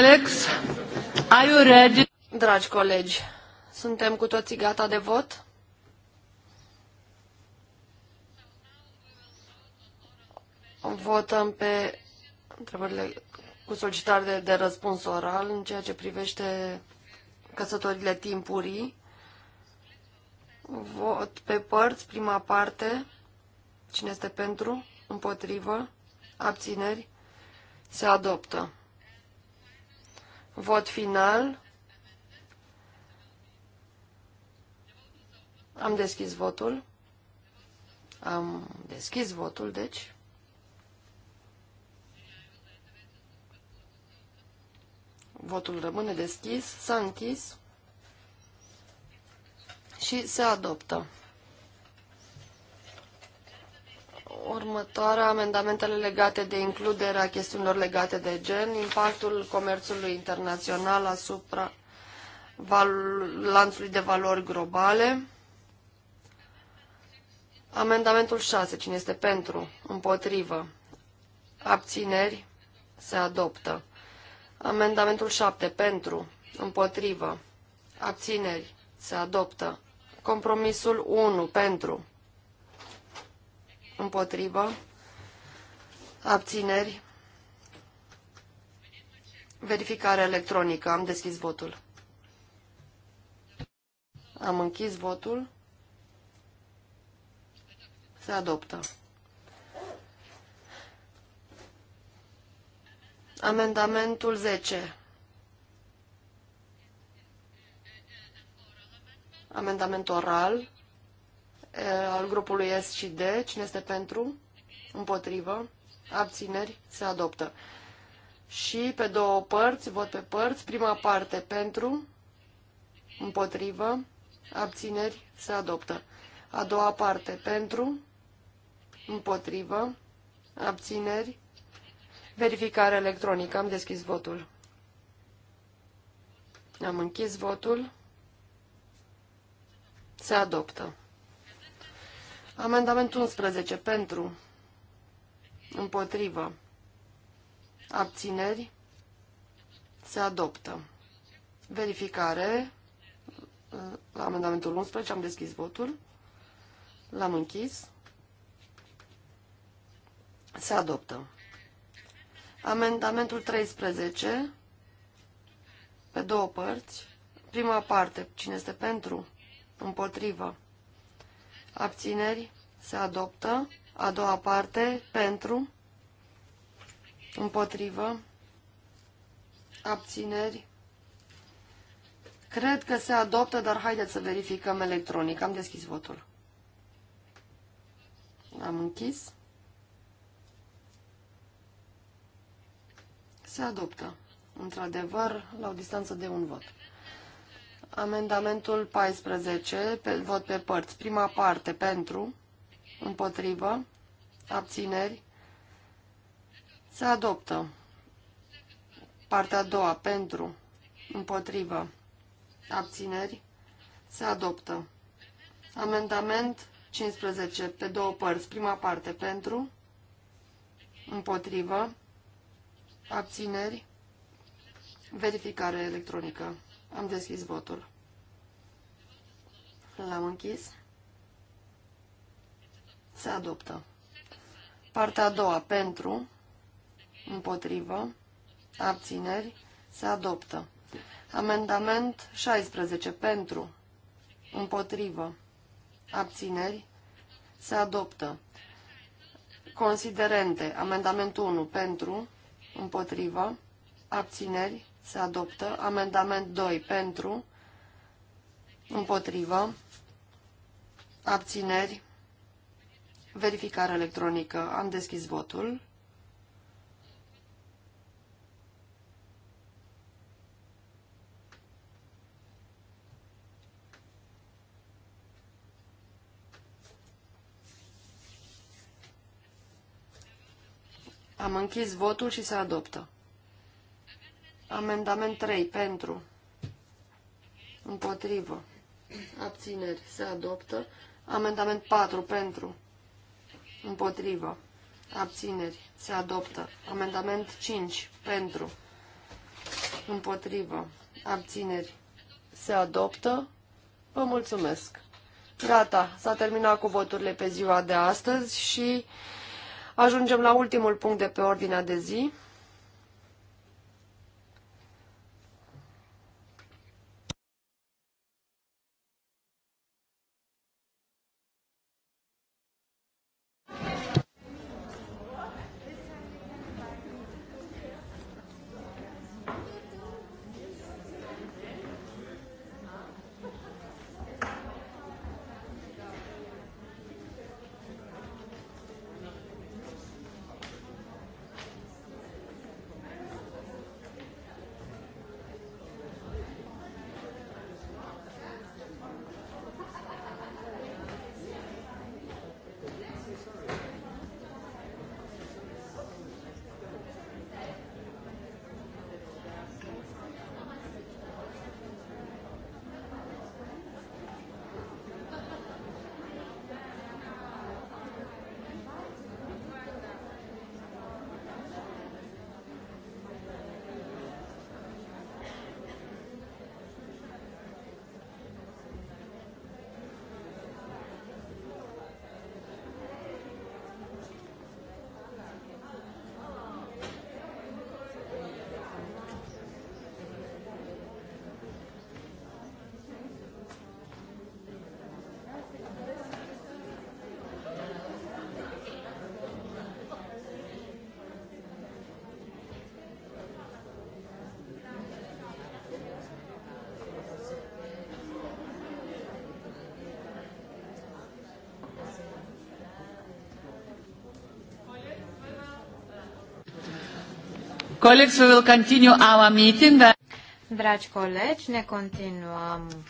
colleagues, are you ready? Dragi colegi, suntem cu toții gata de vot? Votăm pe întrebările cu solicitare de, de răspuns oral în ceea ce privește căsătorile timpurii. Vot pe părți, prima parte. Cine este pentru? Împotrivă? Abțineri? Se adoptă. Vot final. Am deschis votul. Am deschis votul, deci. Votul rămâne deschis, s-a închis și se adoptă. Următoarea, amendamentele legate de includerea chestiunilor legate de gen, impactul comerțului internațional asupra lanțului de valori globale. Amendamentul 6. Cine este pentru? Împotrivă. Abțineri? Se adoptă. Amendamentul 7. Pentru? Împotrivă. Abțineri? Se adoptă. Compromisul 1. Pentru? împotrivă, abțineri, verificare electronică. Am deschis votul. Am închis votul. Se adoptă. Amendamentul 10. Amendament oral Eh, al grupului S și D. Cine este pentru? Împotrivă. Abțineri. Se adoptă. Și pe două părți, vot pe părți, prima parte pentru, împotrivă, abțineri, se adoptă. A doua parte pentru, împotrivă, abțineri, verificare electronică. Am deschis votul. Am închis votul. Se adoptă. Amendamentul 11. Pentru. Împotrivă. Abțineri. Se adoptă. Verificare. La amendamentul 11 am deschis votul. L-am închis. Se adoptă. Amendamentul 13, pe două părți. Prima parte, cine este pentru, împotrivă, abțineri, se adoptă. A doua parte, pentru, împotrivă, abțineri. Cred că se adoptă, dar haideți să verificăm electronic. Am deschis votul. Am închis. Se adoptă, într-adevăr, la o distanță de un vot. Amendamentul 14, pe, vot pe părți. Prima parte, pentru, împotrivă, abțineri, se adoptă. Partea a doua, pentru, împotrivă, abțineri, se adoptă. Amendament 15, pe două părți. Prima parte, pentru, împotrivă, abțineri, verificare electronică. Am deschis votul. L-am închis. Se adoptă. Partea a doua, pentru, împotrivă, abțineri, se adoptă. Amendament 16, pentru, împotrivă, abțineri, se adoptă. Considerente, amendamentul 1, pentru, împotrivă, abțineri, se adoptă. Amendament 2 pentru, împotrivă, abțineri, verificare electronică. Am deschis votul. Am închis votul și se adoptă. Amendament 3. Pentru. Împotrivă. Abțineri. Se adoptă. Amendament 4. Pentru. Împotrivă. Abțineri. Se adoptă. Amendament 5. Pentru. Împotrivă. Abțineri. Se adoptă. Vă mulțumesc. Gata, s-a terminat cu voturile pe ziua de astăzi și ajungem la ultimul punct de pe ordinea de zi. Colleagues, we will continue our meeting. Dragi colegi, ne continuăm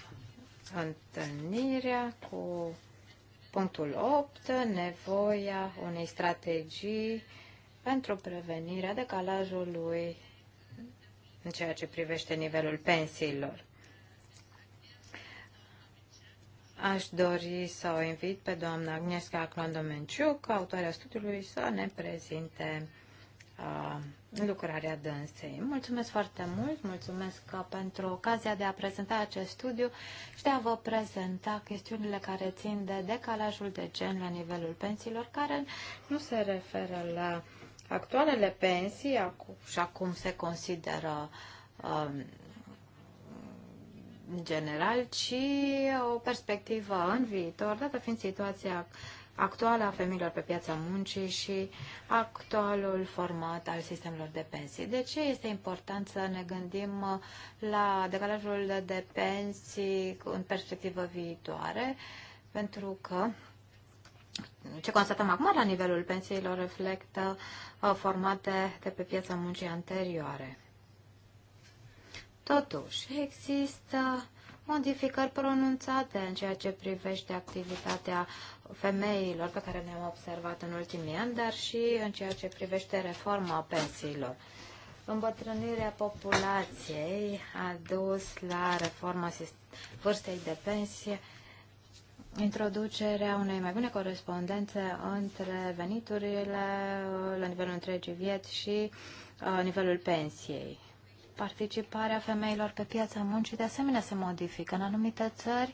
întâlnirea cu punctul 8, nevoia unei strategii pentru prevenirea decalajului în ceea ce privește nivelul pensiilor. Aș dori să o invit pe doamna Agnieszka Clondomenciuc, autoarea studiului, să ne prezinte Uh, lucrarea dânsei. Mulțumesc foarte mult, mulțumesc uh, pentru ocazia de a prezenta acest studiu și de a vă prezenta chestiunile care țin de decalajul de gen la nivelul pensiilor, care nu se referă la actualele pensii așa și acum se consideră um, general, ci o perspectivă în viitor, dată fiind situația actuală a femeilor pe piața muncii și actualul format al sistemelor de pensii. De ce este important să ne gândim uh, la decalajul de pensii în perspectivă viitoare? Pentru că ce constatăm acum la nivelul pensiilor reflectă uh, formate de pe piața muncii anterioare. Totuși, există modificări pronunțate în ceea ce privește activitatea femeilor pe care ne-am observat în ultimii ani, dar și în ceea ce privește reforma pensiilor. Îmbătrânirea populației a dus la reforma vârstei de pensie, introducerea unei mai bune corespondențe între veniturile la nivelul întregii vieți și uh, nivelul pensiei participarea femeilor pe piața muncii de asemenea se modifică. În anumite țări,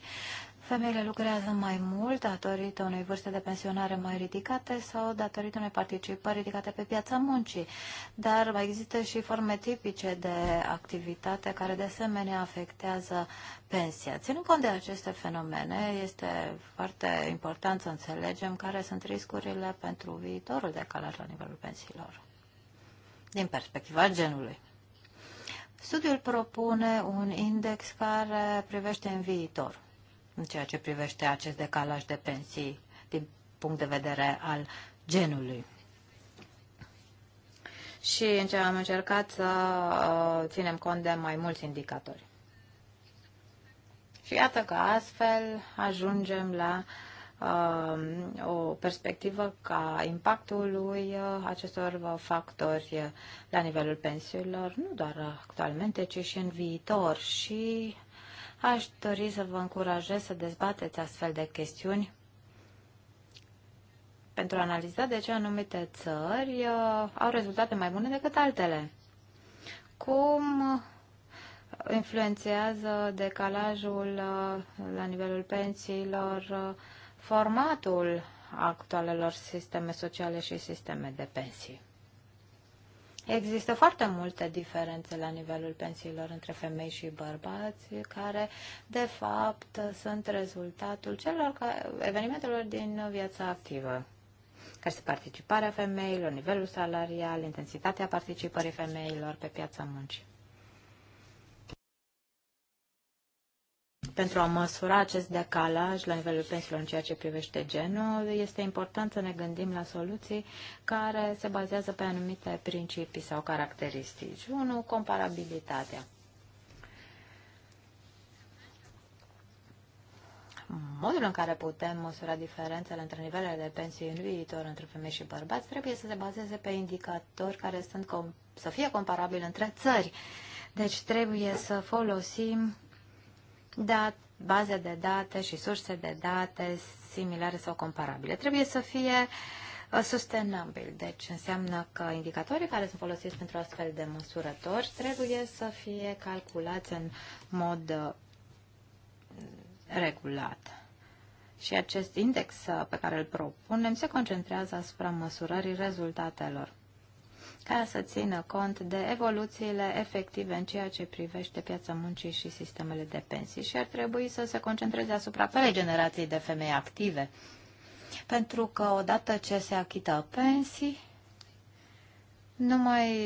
femeile lucrează mai mult datorită unei vârste de pensionare mai ridicate sau datorită unei participări ridicate pe piața muncii. Dar mai există și forme tipice de activitate care de asemenea afectează pensia. Ținând cont de aceste fenomene, este foarte important să înțelegem care sunt riscurile pentru viitorul decalaj la nivelul pensiilor din perspectiva genului. Studiul propune un index care privește în viitor, în ceea ce privește acest decalaj de pensii din punct de vedere al genului. Și în ce am încercat să uh, ținem cont de mai mulți indicatori. Și iată că astfel ajungem la uh, Um, o perspectivă ca lui uh, acestor uh, factori uh, la nivelul pensiilor, nu doar actualmente, ci și în viitor. Și aș dori să vă încurajez să dezbateți astfel de chestiuni pentru a analiza de ce anumite țări au rezultate mai bune decât altele. Cum influențează decalajul la nivelul pensiilor formatul actualelor sisteme sociale și sisteme de pensii. Există foarte multe diferențe la nivelul pensiilor între femei și bărbați, care, de fapt, sunt rezultatul celor ca, evenimentelor din viața activă, care este participarea femeilor, nivelul salarial, intensitatea participării femeilor pe piața muncii. pentru a măsura acest decalaj la nivelul pensiilor în ceea ce privește genul, este important să ne gândim la soluții care se bazează pe anumite principii sau caracteristici. unul Comparabilitatea. modul în care putem măsura diferențele între nivelele de pensii în viitor între femei și bărbați trebuie să se bazeze pe indicatori care sunt com- să fie comparabili între țări. Deci trebuie să folosim dat, baze de date și surse de date similare sau comparabile. Trebuie să fie uh, sustenabil, deci înseamnă că indicatorii care sunt folosiți pentru astfel de măsurători trebuie să fie calculați în mod uh, regulat. Și acest index uh, pe care îl propunem se concentrează asupra măsurării rezultatelor ca să țină cont de evoluțiile efective în ceea ce privește piața muncii și sistemele de pensii și ar trebui să se concentreze asupra felei generației de femei active. Pentru că odată ce se achită pensii, nu mai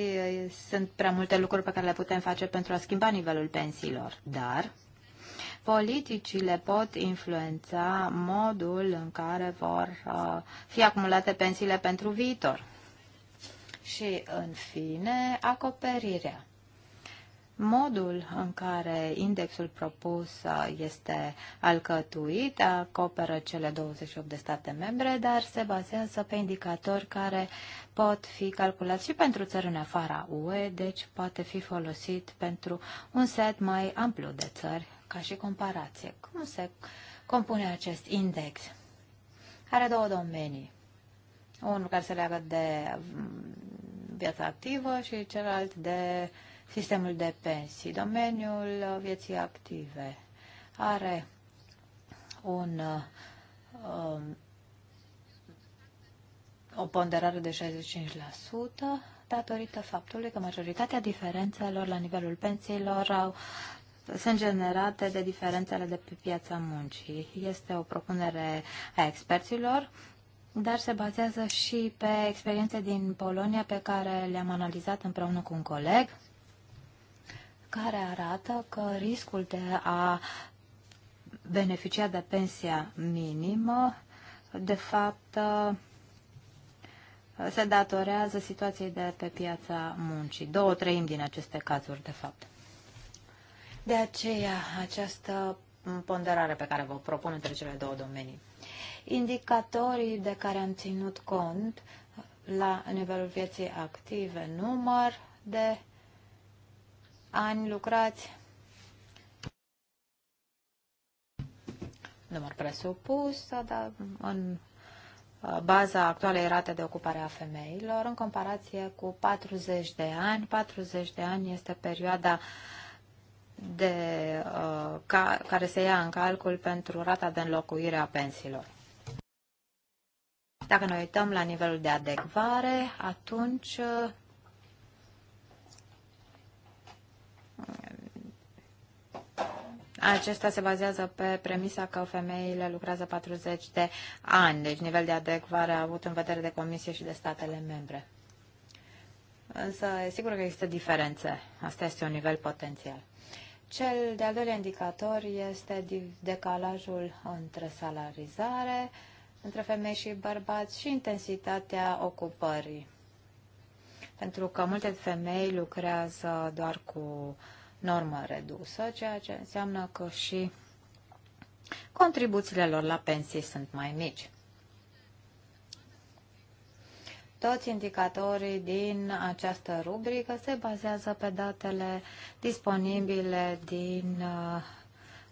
sunt prea multe lucruri pe care le putem face pentru a schimba nivelul pensiilor, dar politicile pot influența modul în care vor uh, fi acumulate pensiile pentru viitor. Și, în fine, acoperirea. Modul în care indexul propus uh, este alcătuit acoperă cele 28 de state membre, dar se bazează pe indicatori care pot fi calculați și pentru țări în afara UE, deci poate fi folosit pentru un set mai amplu de țări ca și comparație. Cum se compune acest index? Are două domenii unul care se leagă de mm, viața activă și celălalt de sistemul de pensii. Domeniul vieții active are un, um, o ponderare de 65% datorită faptului că majoritatea diferențelor la nivelul pensiilor au sunt generate de diferențele de pe piața muncii. Este o propunere a experților dar se bazează și pe experiențe din Polonia pe care le-am analizat împreună cu un coleg, care arată că riscul de a beneficia de pensia minimă, de fapt, uh, se datorează situației de pe piața muncii. Două treimi din aceste cazuri, de fapt. De aceea, această ponderare pe care vă propun între cele două domenii. Indicatorii de care am ținut cont la nivelul vieții active, număr de ani lucrați, număr presupus, dar în uh, baza actualei rate de ocupare a femeilor, în comparație cu 40 de ani. 40 de ani este perioada de, uh, ca, care se ia în calcul pentru rata de înlocuire a pensiilor. Dacă ne uităm la nivelul de adecvare, atunci uh, acesta se bazează pe premisa că femeile lucrează 40 de ani, deci nivel de adecvare a avut în vedere de Comisie și de statele membre. Însă e sigur că există diferențe. Asta este un nivel potențial. Cel de-al doilea indicator este decalajul între salarizare, uh, între femei și bărbați și intensitatea ocupării. Pentru că multe femei lucrează doar cu normă redusă, ceea ce înseamnă că și contribuțiile lor la pensii sunt mai mici. Toți indicatorii din această rubrică se bazează pe datele disponibile din uh,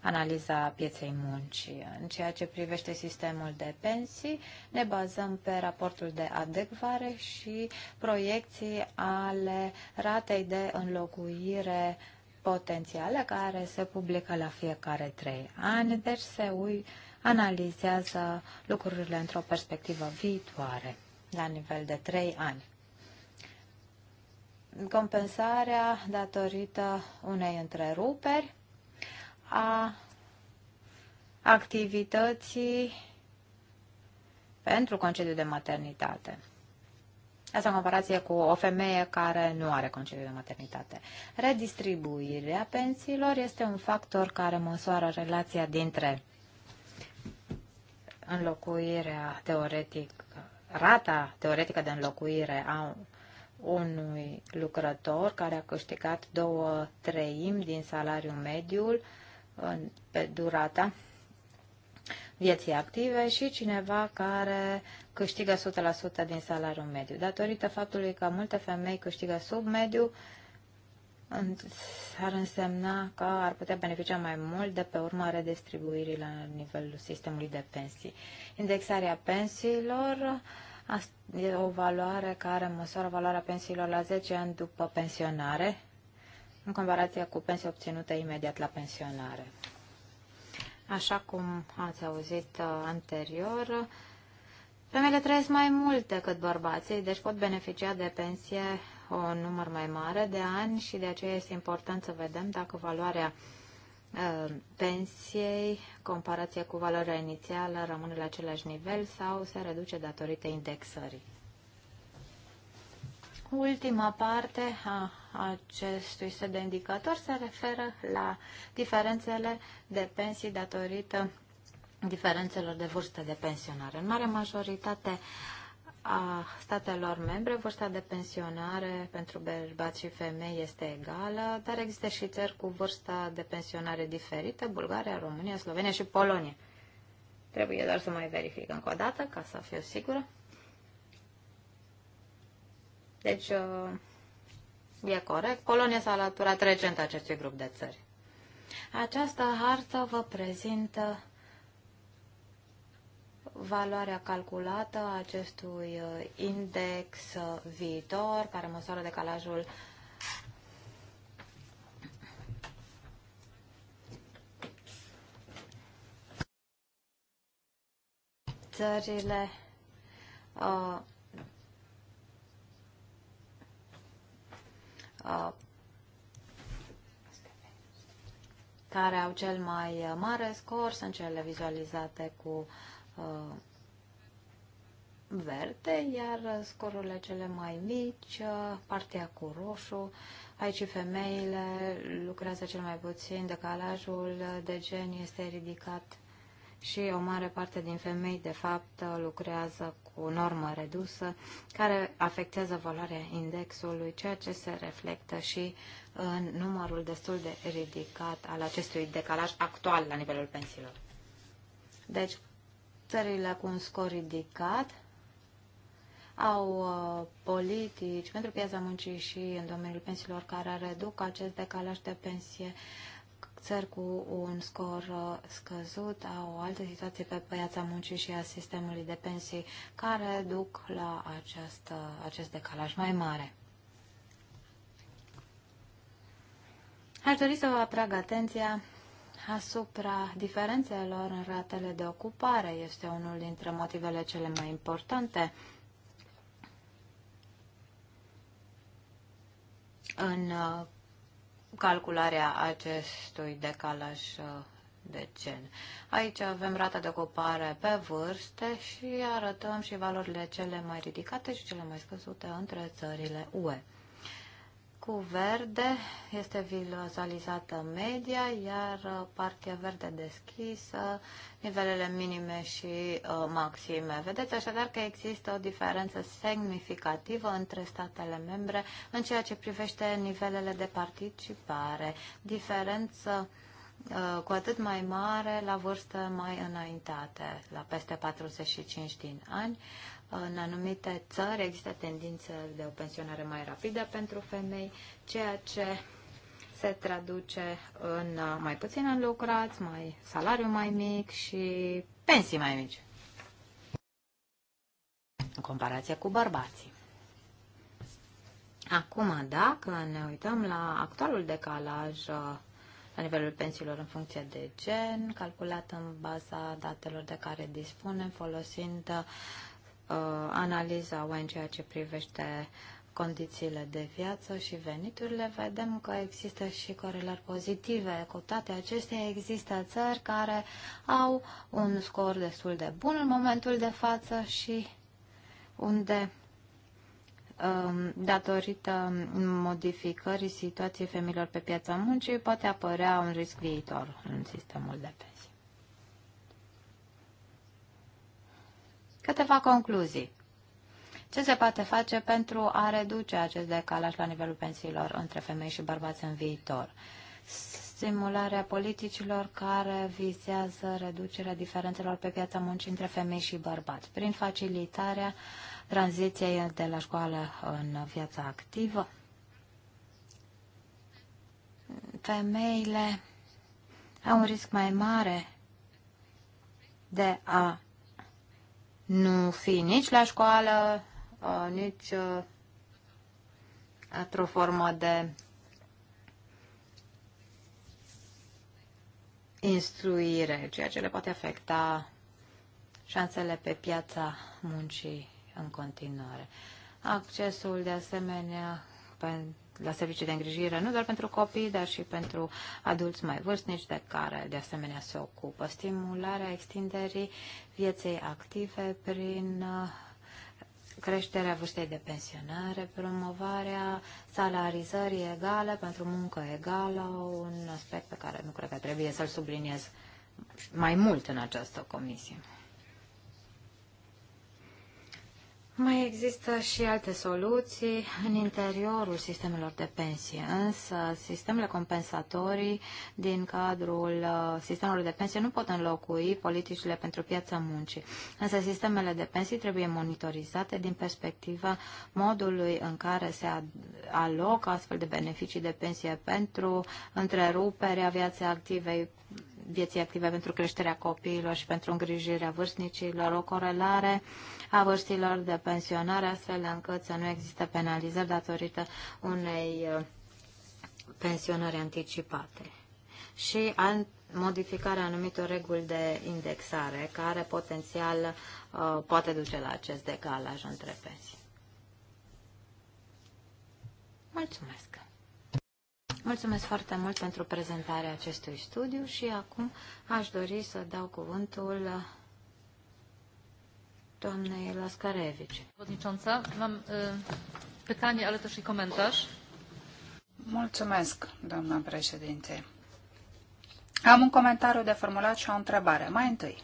analiza pieței muncii. În ceea ce privește sistemul de pensii, ne bazăm pe raportul de adecvare și proiecții ale ratei de înlocuire potențiale care se publică la fiecare trei ani, deci se ui, analizează lucrurile într-o perspectivă viitoare, la nivel de trei ani compensarea datorită unei întreruperi a activității pentru concediu de maternitate. Asta în comparație cu o femeie care nu are concediu de maternitate. Redistribuirea pensiilor este un factor care măsoară relația dintre înlocuirea teoretic, rata teoretică de înlocuire a unui lucrător care a câștigat două treimi din salariul mediul în, pe durata vieții active și cineva care câștigă 100% din salariul mediu. Datorită faptului că multe femei câștigă sub mediu, ar însemna că ar putea beneficia mai mult de pe urma redistribuirii la nivelul sistemului de pensii. Indexarea pensiilor e o valoare care măsoară valoarea pensiilor la 10 ani după pensionare, în comparație cu pensia obținută imediat la pensionare. Așa cum ați auzit uh, anterior, femeile trăiesc mai mult decât bărbații, deci pot beneficia de pensie un număr mai mare de ani și de aceea este important să vedem dacă valoarea uh, pensiei, comparație cu valoarea inițială, rămâne la același nivel sau se reduce datorită indexării. Ultima parte a acestui set de indicatori se referă la diferențele de pensii datorită diferențelor de vârstă de pensionare. În mare majoritate a statelor membre, vârsta de pensionare pentru bărbați și femei este egală, dar există și țări cu vârsta de pensionare diferită, Bulgaria, România, Slovenia și Polonia. Trebuie doar să mai verific încă o dată ca să fiu sigură. Deci, uh, e corect. Polonia s-a alăturat recent acestui grup de țări. Această hartă vă prezintă valoarea calculată a acestui uh, index uh, viitor, care măsoară decalajul țările uh, care au cel mai mare scor sunt cele vizualizate cu verde, iar scorurile cele mai mici, partea cu roșu, aici femeile lucrează cel mai puțin, decalajul de gen este ridicat și o mare parte din femei, de fapt, lucrează o normă redusă care afectează valoarea indexului, ceea ce se reflectă și în numărul destul de ridicat al acestui decalaj actual la nivelul pensiilor. Deci, țările cu un scor ridicat au uh, politici pentru piața muncii și în domeniul pensiilor care reduc acest decalaj de pensie uh, țări cu un scor uh, scăzut au o altă situație pe piața muncii și a sistemului de pensii care duc la acest, acest decalaj mai mare. Aș dori să vă atrag atenția asupra diferențelor în ratele de ocupare. Este unul dintre motivele cele mai importante în uh, calcularea acestui decalaj uh, de gen. Aici avem rata de ocupare pe vârste și arătăm și valorile cele mai ridicate și cele mai scăzute între țările UE cu verde este vizualizată media, iar uh, partea verde deschisă, nivelele minime și uh, maxime. Vedeți așadar că există o diferență semnificativă între statele membre în ceea ce privește nivelele de participare. Diferență uh, cu atât mai mare la vârste mai înaintate, la peste 45 din ani, în anumite țări există tendință de o pensionare mai rapidă pentru femei, ceea ce se traduce în uh, mai puțin lucrați, mai salariu mai mic și pensii mai mici în comparație cu bărbații. Acum, dacă ne uităm la actualul decalaj uh, la nivelul pensiilor în funcție de gen, calculat în baza datelor de care dispunem, folosind uh, Uh, analiza o în ceea ce privește condițiile de viață și veniturile, vedem că există și corelări pozitive. Cu toate acestea există țări care au un scor destul de bun în momentul de față și unde um, datorită modificării situației femeilor pe piața muncii, poate apărea un risc viitor în sistemul de pensie. Câteva concluzii. Ce se poate face pentru a reduce acest decalaj la nivelul pensiilor între femei și bărbați în viitor? Stimularea politicilor care vizează reducerea diferențelor pe piața muncii între femei și bărbați, prin facilitarea tranziției de la școală în viața activă. Femeile au un risc mai mare de a nu fi nici la școală, uh, nici uh, într-o formă de instruire, ceea ce le poate afecta șansele pe piața muncii în continuare. Accesul, de asemenea, pentru la servicii de îngrijire, nu doar pentru copii, dar și pentru adulți mai vârstnici, de care de asemenea se ocupă. Stimularea extinderii vieței active prin uh, creșterea vârstei de pensionare, promovarea salarizării egale pentru muncă egală, un aspect pe care nu cred că trebuie să-l subliniez mai mult în această comisie. Mai există și alte soluții în interiorul sistemelor de pensie, însă sistemele compensatorii din cadrul uh, sistemelor de pensie nu pot înlocui politicile pentru piața muncii, însă sistemele de pensii trebuie monitorizate din perspectiva modului în care se alocă astfel de beneficii de pensie pentru întreruperea viaței activei vieții active pentru creșterea copiilor și pentru îngrijirea vârstnicilor, o corelare a vârstilor de pensionare, astfel încât să nu există penalizări datorită unei uh, pensionări anticipate. Și modificarea anumitor reguli de indexare, care potențial uh, poate duce la acest decalaj între pensii. Mulțumesc! Mulțumesc foarte mult pentru prezentarea acestui studiu și acum aș dori să dau cuvântul doamnei Lascarevici. Przewodnicząca, mam pytanie, ale też i komentarz. Mulțumesc, doamna președinte. Am un comentariu de formulat și o întrebare. Mai întâi,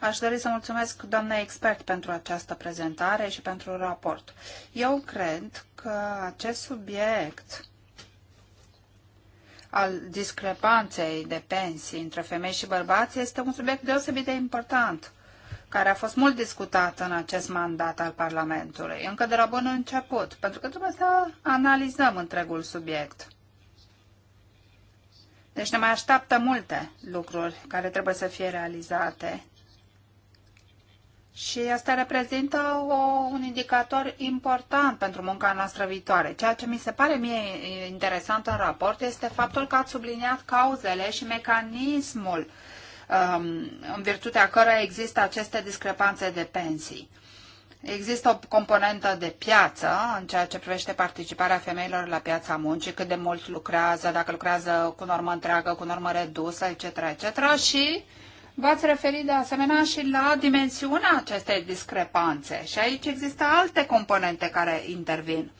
Aș dori să mulțumesc doamnei expert pentru această prezentare și pentru raport. Eu cred că acest subiect al discrepanței de pensii între femei și bărbați este un subiect deosebit de important, care a fost mult discutat în acest mandat al Parlamentului, încă de la bun început, pentru că trebuie să analizăm întregul subiect. Deci ne mai așteaptă multe lucruri care trebuie să fie realizate și asta reprezintă o, un indicator important pentru munca noastră viitoare. Ceea ce mi se pare mie interesant în raport este faptul că ați subliniat cauzele și mecanismul um, în virtutea căruia există aceste discrepanțe de pensii. Există o componentă de piață în ceea ce privește participarea femeilor la piața muncii, cât de mult lucrează, dacă lucrează cu normă întreagă, cu normă redusă, etc., etc. și uh, V-ați referit de asemenea și la dimensiunea acestei discrepanțe și aici există alte componente care intervin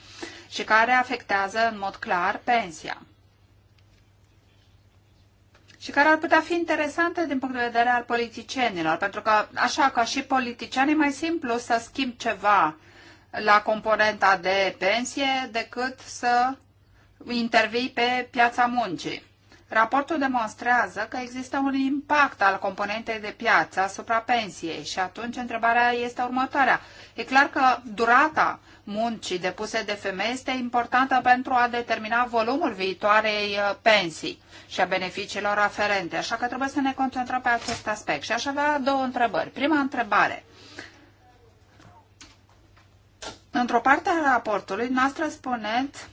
și care afectează în mod clar pensia și care ar putea fi interesante din punct de vedere al politicienilor, pentru că, așa ca și politicienii mai simplu să schimb ceva la componenta de pensie decât să intervii pe piața muncii. Raportul demonstrează că există un impact al componentei de piață asupra pensiei și atunci întrebarea este următoarea. E clar că durata muncii depuse de femei este importantă pentru a determina volumul viitoarei uh, pensii și a beneficiilor aferente, așa că trebuie să ne concentrăm pe acest aspect. Și aș avea două întrebări. Prima întrebare. Într-o parte a raportului, noastră spuneți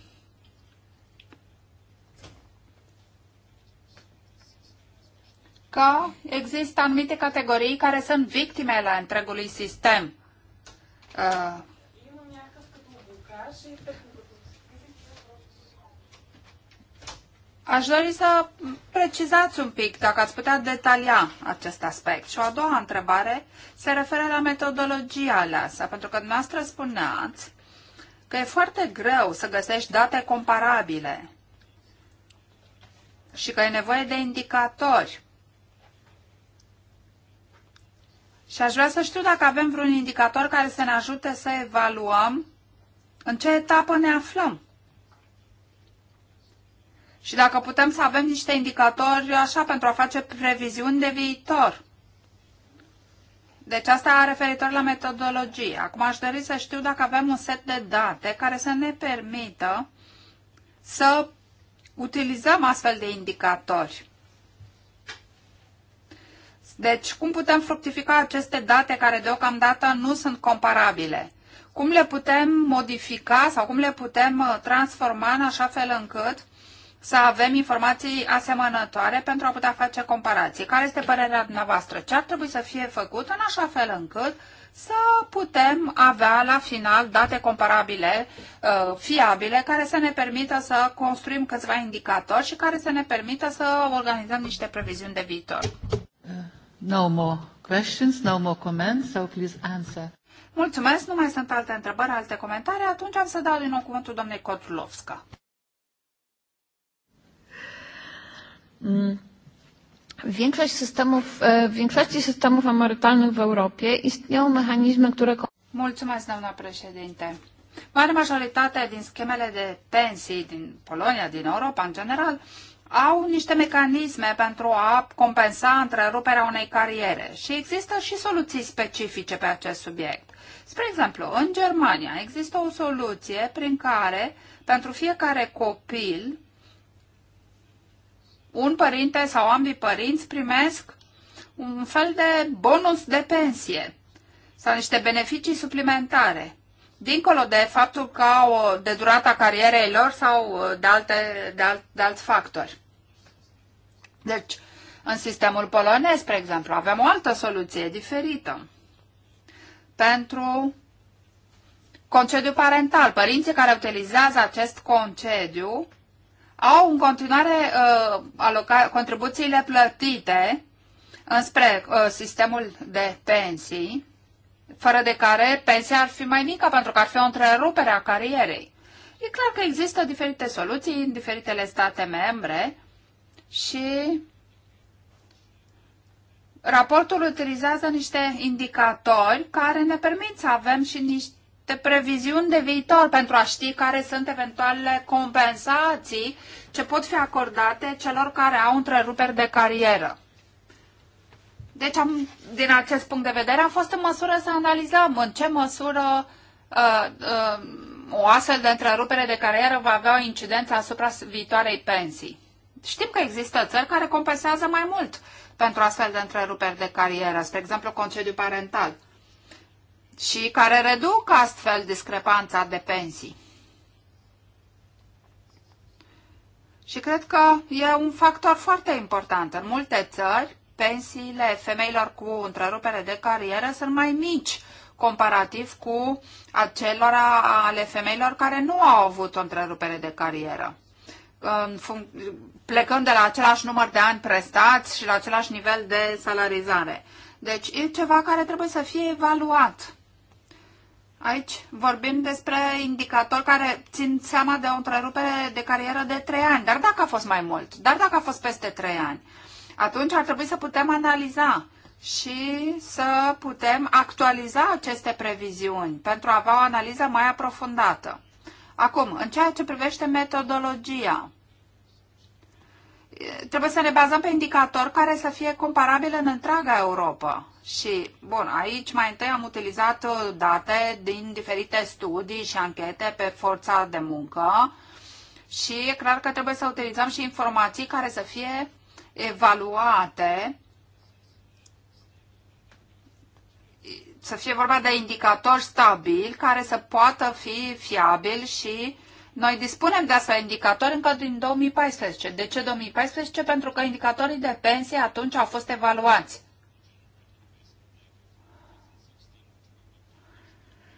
că există anumite categorii care sunt victime la întregului sistem. Uh, Aș dori să precizați un pic, dacă ați putea detalia acest aspect. Și o a doua întrebare se referă la metodologia aleasă, pentru că dumneavoastră spuneați că e foarte greu să găsești date comparabile și că e nevoie de indicatori Și aș vrea să știu dacă avem vreun indicator care să ne ajute să evaluăm în ce etapă ne aflăm. Și dacă putem să avem niște indicatori așa pentru a face previziuni de viitor. Deci asta referitor la metodologie. Acum aș dori să știu dacă avem un set de date care să ne permită să utilizăm astfel de indicatori. Deci, cum putem fructifica aceste date care deocamdată nu sunt comparabile? Cum le putem modifica sau cum le putem uh, transforma în așa fel încât să avem informații asemănătoare pentru a putea face comparații? Care este părerea dumneavoastră? Ce ar trebui să fie făcut în așa fel încât să putem avea la final date comparabile, uh, fiabile, care să ne permită să construim câțiva indicatori și care să ne permită să organizăm niște previziuni de viitor? Uh. No more questions, no more comments, so please answer. Mulțumesc, nu mai sunt alte întrebări, alte comentarii, atunci am să dau din nou cuvântul doamnei Kotlovska. Mm. Większość systemów, w większości systemów emerytalnych w Europie istnieją mechanizmy, które... Mulțumesc, doamna președinte. Mare majoritatea din schemele de pensii din Polonia, din Europa în general, au niște mecanisme pentru a compensa întreruperea unei cariere și există și soluții specifice pe acest subiect. Spre exemplu, în Germania există o soluție prin care pentru fiecare copil un părinte sau ambii părinți primesc un fel de bonus de pensie sau niște beneficii suplimentare dincolo de faptul că au, de durata carierei lor sau de, alte, de, alt, de alți factori. Deci, în sistemul polonez, spre exemplu, avem o altă soluție diferită pentru concediu parental. Părinții care utilizează acest concediu au în continuare uh, aloca- contribuțiile plătite înspre uh, sistemul de pensii fără de care pensia ar fi mai mică pentru că ar fi o întrerupere a carierei. E clar că există diferite soluții în diferitele state membre și raportul utilizează niște indicatori care ne permit să avem și niște previziuni de viitor pentru a ști care sunt eventualele compensații ce pot fi acordate celor care au întreruperi de carieră. Deci, am, din acest punct de vedere, am fost în măsură să analizăm în ce măsură uh, uh, o astfel de întrerupere de carieră va avea o incidență asupra viitoarei pensii. Știm că există țări care compensează mai mult pentru astfel de întreruperi de carieră, spre exemplu concediu parental, și care reduc astfel discrepanța de pensii. Și cred că e un factor foarte important. În multe țări, pensiile femeilor cu întrerupere de carieră sunt mai mici comparativ cu acelora ale femeilor care nu au avut o întrerupere de carieră. Plecând de la același număr de ani prestați și la același nivel de salarizare. Deci e ceva care trebuie să fie evaluat. Aici vorbim despre indicatori care țin seama de o întrerupere de carieră de 3 ani, dar dacă a fost mai mult, dar dacă a fost peste 3 ani, atunci ar trebui să putem analiza și să putem actualiza aceste previziuni pentru a avea o analiză mai aprofundată. Acum, în ceea ce privește metodologia, trebuie să ne bazăm pe indicatori care să fie comparabile în întreaga Europa. Și, bun, aici mai întâi am utilizat uh, date din diferite studii și anchete pe forța de muncă și e clar că trebuie să utilizăm și informații care să fie evaluate, să fie vorba de indicatori stabili care să poată fi fiabili și noi dispunem de astfel indicatori încă din 2014. De ce 2014? Pentru că indicatorii de pensie atunci au fost evaluați.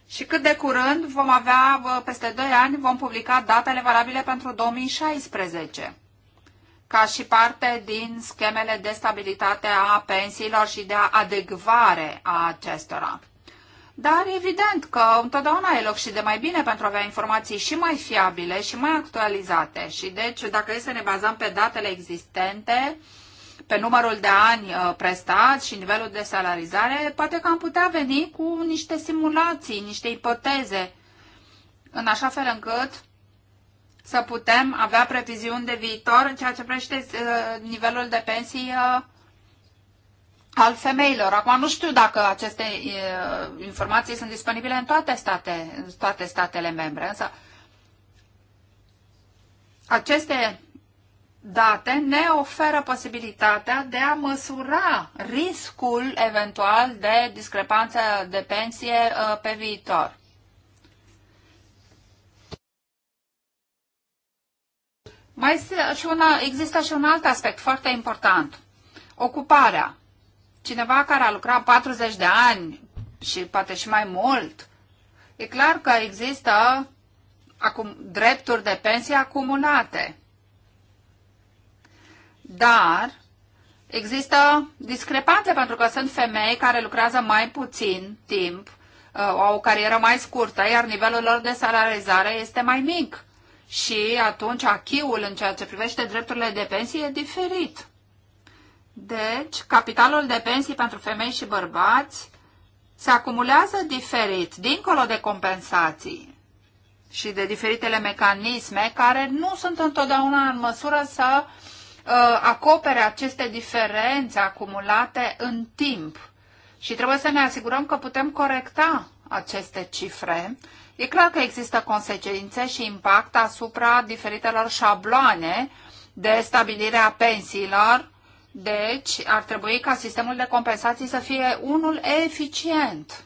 Și cât de curând vom avea, peste 2 ani, vom publica datele valabile pentru 2016 ca și parte din schemele de stabilitate a pensiilor și de adecvare a acestora. Dar evident că întotdeauna e loc și de mai bine pentru a avea informații și mai fiabile și mai actualizate. Și deci, dacă e să ne bazăm pe datele existente, pe numărul de ani uh, prestați și nivelul de salarizare, poate că am putea veni cu niște simulații, niște ipoteze, în așa fel încât să putem avea previziuni de viitor în ceea ce privește uh, nivelul de pensii uh, al femeilor. Acum nu știu dacă aceste uh, informații sunt disponibile în toate, state, în toate statele membre, însă aceste date ne oferă posibilitatea de a măsura riscul eventual de discrepanță de pensie pe viitor. Mai este și una, există și un alt aspect foarte important. Ocuparea. Cineva care a lucrat 40 de ani și poate și mai mult, e clar că există acum, drepturi de pensie acumulate. Dar există discrepanțe pentru că sunt femei care lucrează mai puțin timp, uh, au o carieră mai scurtă, iar nivelul lor de salarizare este mai mic și atunci achiul în ceea ce privește drepturile de pensie e diferit. Deci, capitalul de pensie pentru femei și bărbați se acumulează diferit, dincolo de compensații și de diferitele mecanisme care nu sunt întotdeauna în măsură să uh, acopere aceste diferențe acumulate în timp. Și trebuie să ne asigurăm că putem corecta aceste cifre E clar că există consecințe și impact asupra diferitelor șabloane de stabilire a pensiilor, deci ar trebui ca sistemul de compensații să fie unul eficient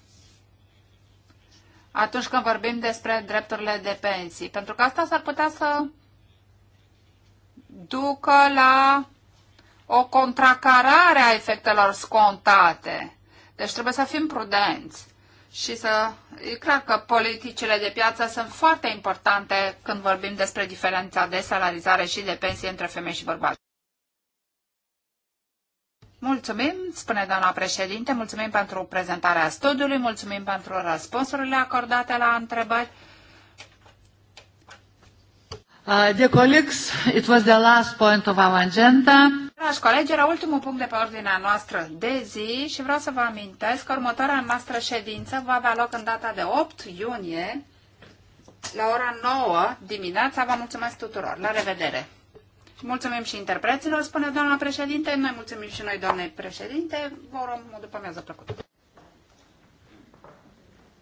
atunci când vorbim despre drepturile de pensii, pentru că asta s-ar putea să ducă la o contracarare a efectelor scontate. Deci trebuie să fim prudenți și să... E clar că politicile de piață sunt foarte importante când vorbim despre diferența de salarizare și de pensie între femei și bărbați. Mulțumim, spune doamna președinte, mulțumim pentru prezentarea studiului, mulțumim pentru răspunsurile acordate la întrebări. Uh, dear colleagues, it was the last point of our agenda. Dragi colegi, era ultimul punct de pe ordinea noastră de zi și vreau să vă amintesc că următoarea noastră ședință va avea loc în data de 8 iunie la ora 9 dimineața. Vă mulțumesc tuturor. La revedere! Mulțumim și interpreților, spune doamna președinte. Noi mulțumim și noi, doamnei președinte. Vă urăm după amiază plăcută.